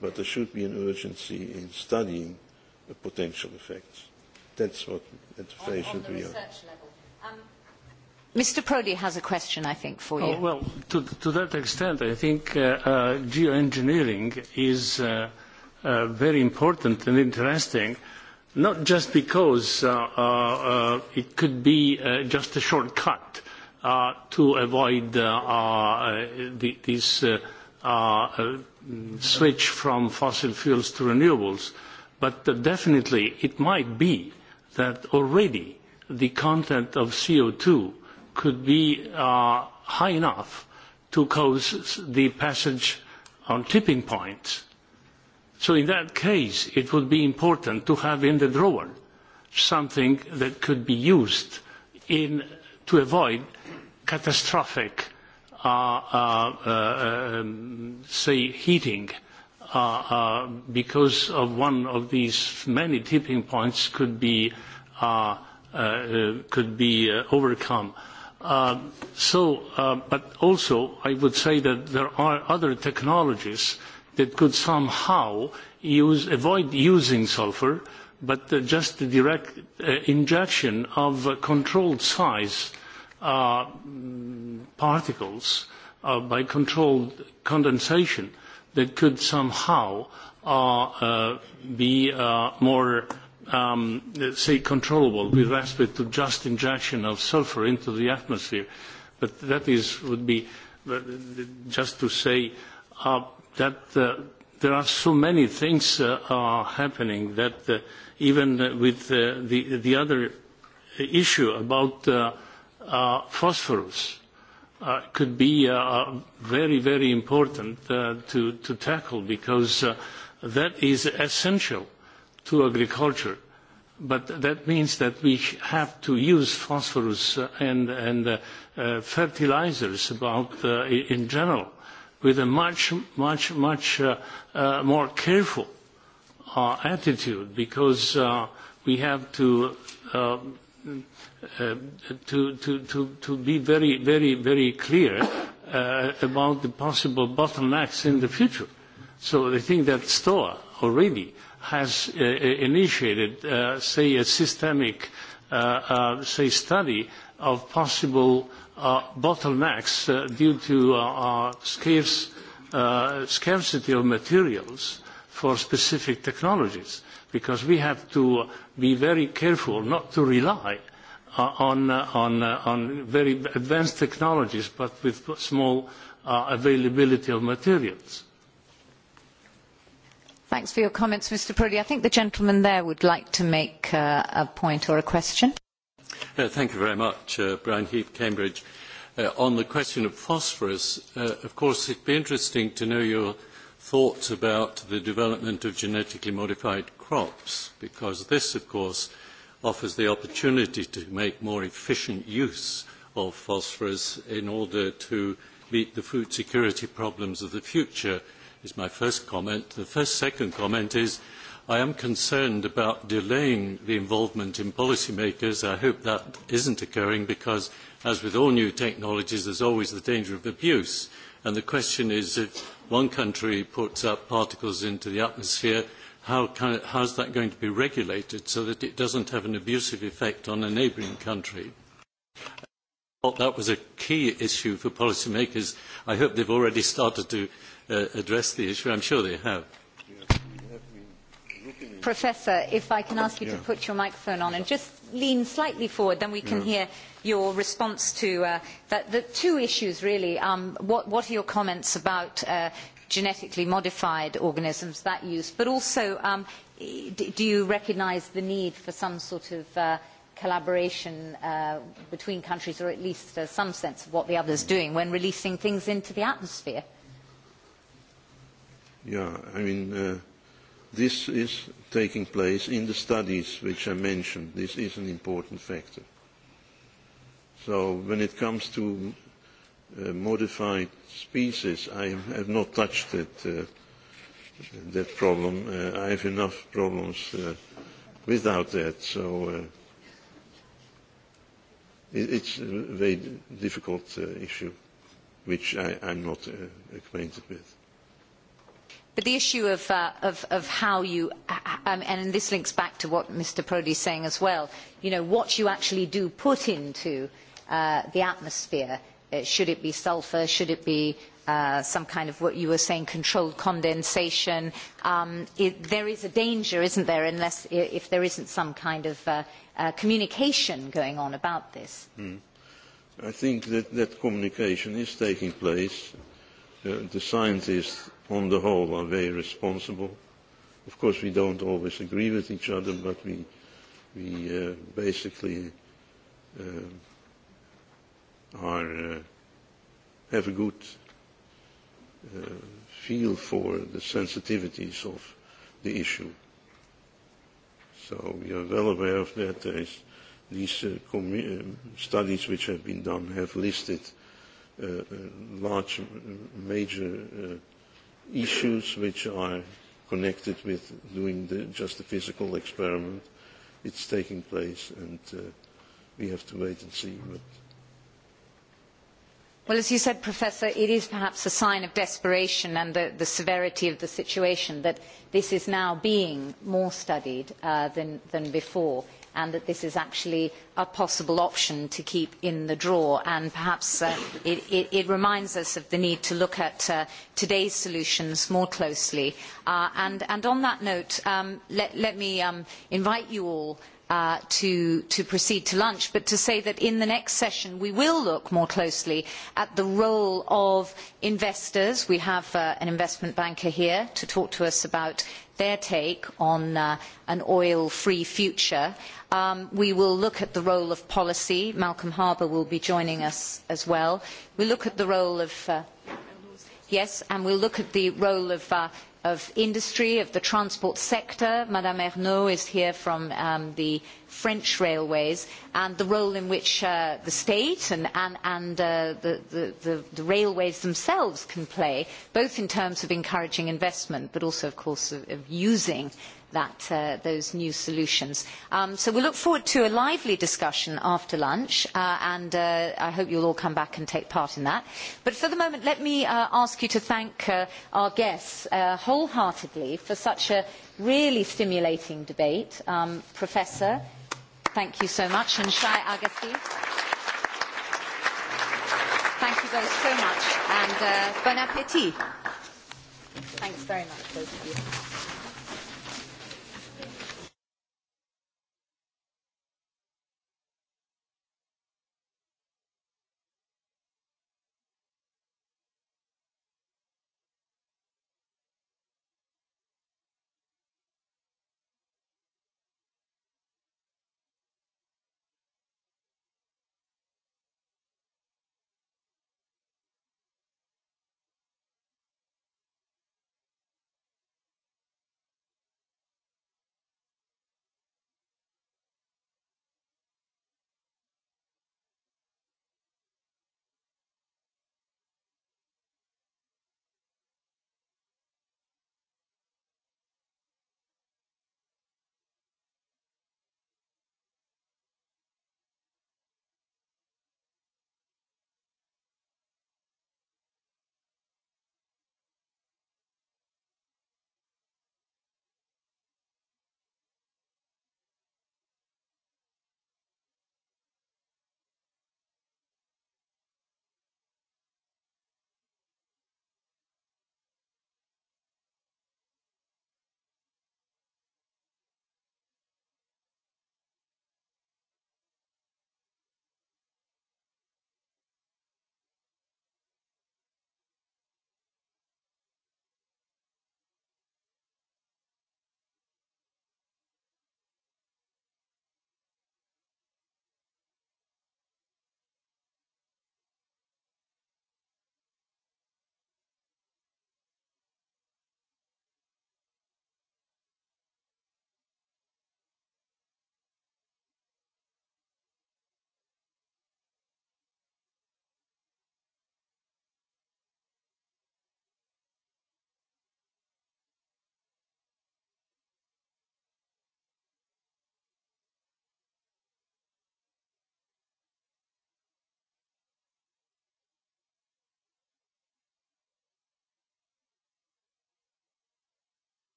but there should be an urgency in studying the potential effects. That's what at phase we on. Mr. Prodi has a question, I think, for you. Well, to that extent, I think geoengineering is very important and interesting not just because it could be just a shortcut to avoid this switch from fossil fuels to renewables, but definitely it might be that already the content of CO2 could be high enough to cause the passage on tipping points So in that case, it would be important to have in the drawer something that could be used to avoid catastrophic, say, heating, because of one of these many tipping points could be could be overcome. So, but also I would say that there are other technologies that could somehow avoid using sulfur, but just the direct injection of controlled size particles by controlled condensation that could somehow be more, say, controllable with respect to just injection of sulfur into the atmosphere. But that is would be just to say that there are so many things are happening that even with the other issue about phosphorus could be very, very important to tackle because that is essential to agriculture. But that means that we have to use phosphorus and fertilizers about in general with a much, much, much more careful attitude because we have to to to to be very very very clear about the possible bottlenecks in the future. So I think that STOA already has initiated, say, a systemic, say, study of possible bottlenecks due to scarcity of materials for specific technologies, because we have to be very careful not to rely on very advanced technologies, but with small availability of materials. Thanks for your comments, Mr. Prodi. I think the gentleman there would like to make a point or a question. Thank you very much. Brian Heath, Cambridge. On the question of phosphorus, of course, it'd be interesting to know your thoughts about the development of genetically modified crops, because this, of course, offers the opportunity to make more efficient use of phosphorus in order to meet the food security problems of the future, is my first comment. The first second comment is I am concerned about delaying the involvement in policymakers. I hope that isn't occurring because, as with all new technologies, there's always the danger of abuse. And the question is, if one country puts up particles into the atmosphere, how is that going to be regulated so that it doesn't have an abusive effect on a neighbouring country? I thought that was a key issue for policymakers. I hope they've already started to address the issue. I'm sure they have. Professor, if I can ask you to put your microphone on and just lean slightly forward, then we can hear your response to the two issues, really. What are your comments about genetically modified organisms, that use, but also do you recognise the need for some sort of collaboration between countries, or at least some sense of what the other is doing when releasing things into the atmosphere? Yeah, I mean This is taking place in the studies which I mentioned. This is an important factor. So when it comes to modified species, I have not touched that problem. I have enough problems without that. So it's a very difficult issue, which I I'm not acquainted with. But the issue of how you, and this links back to what Mr. Prodi is saying as well, what you actually do put into the atmosphere, should it be sulfur, should it be some kind of what you were saying, controlled condensation, there is a danger, isn't there, unless if there isn't some kind of communication going on about this. I think that that communication is taking place. The scientists on the whole, are very responsible. Of course, we don't always agree with each other, but we, we uh, basically uh, are, uh, have a good uh, feel for the sensitivities of the issue. So we are well aware of that. There these uh, studies which have been done have listed uh, large, major uh, issues which are connected with doing the, just the physical experiment. It's taking place, and we have to wait and see. But well as you said professor it is perhaps a sign of desperation and the severity of the situation that this is now being more studied than than before and that this is actually a possible option to keep in the drawer. And perhaps it reminds us of the need to look at today's solutions more closely. And on that note, let me invite you all to proceed to lunch, but to say that in the next session we will look more closely at the role of investors. We have an investment banker here to talk to us about their take on an oil-free future. We will look at the role of policy. Malcolm Harbour will be joining us as well. We look at the role of... Yes, and we'll look at the role of of industry, of the transport sector. Madame Ernaud is here from the French railways, and the role in which the state and the railways themselves can play, both in terms of encouraging investment, but also, of course, of using those new solutions. So we look forward to a lively discussion after lunch, and I hope you'll all come back and take part in that. But for the moment, let me ask you to thank our guests wholeheartedly for such a really stimulating debate. Professor, thank you so much, and Shai Agassi. Thank you both so much, and bon appétit. Thanks very much, both you.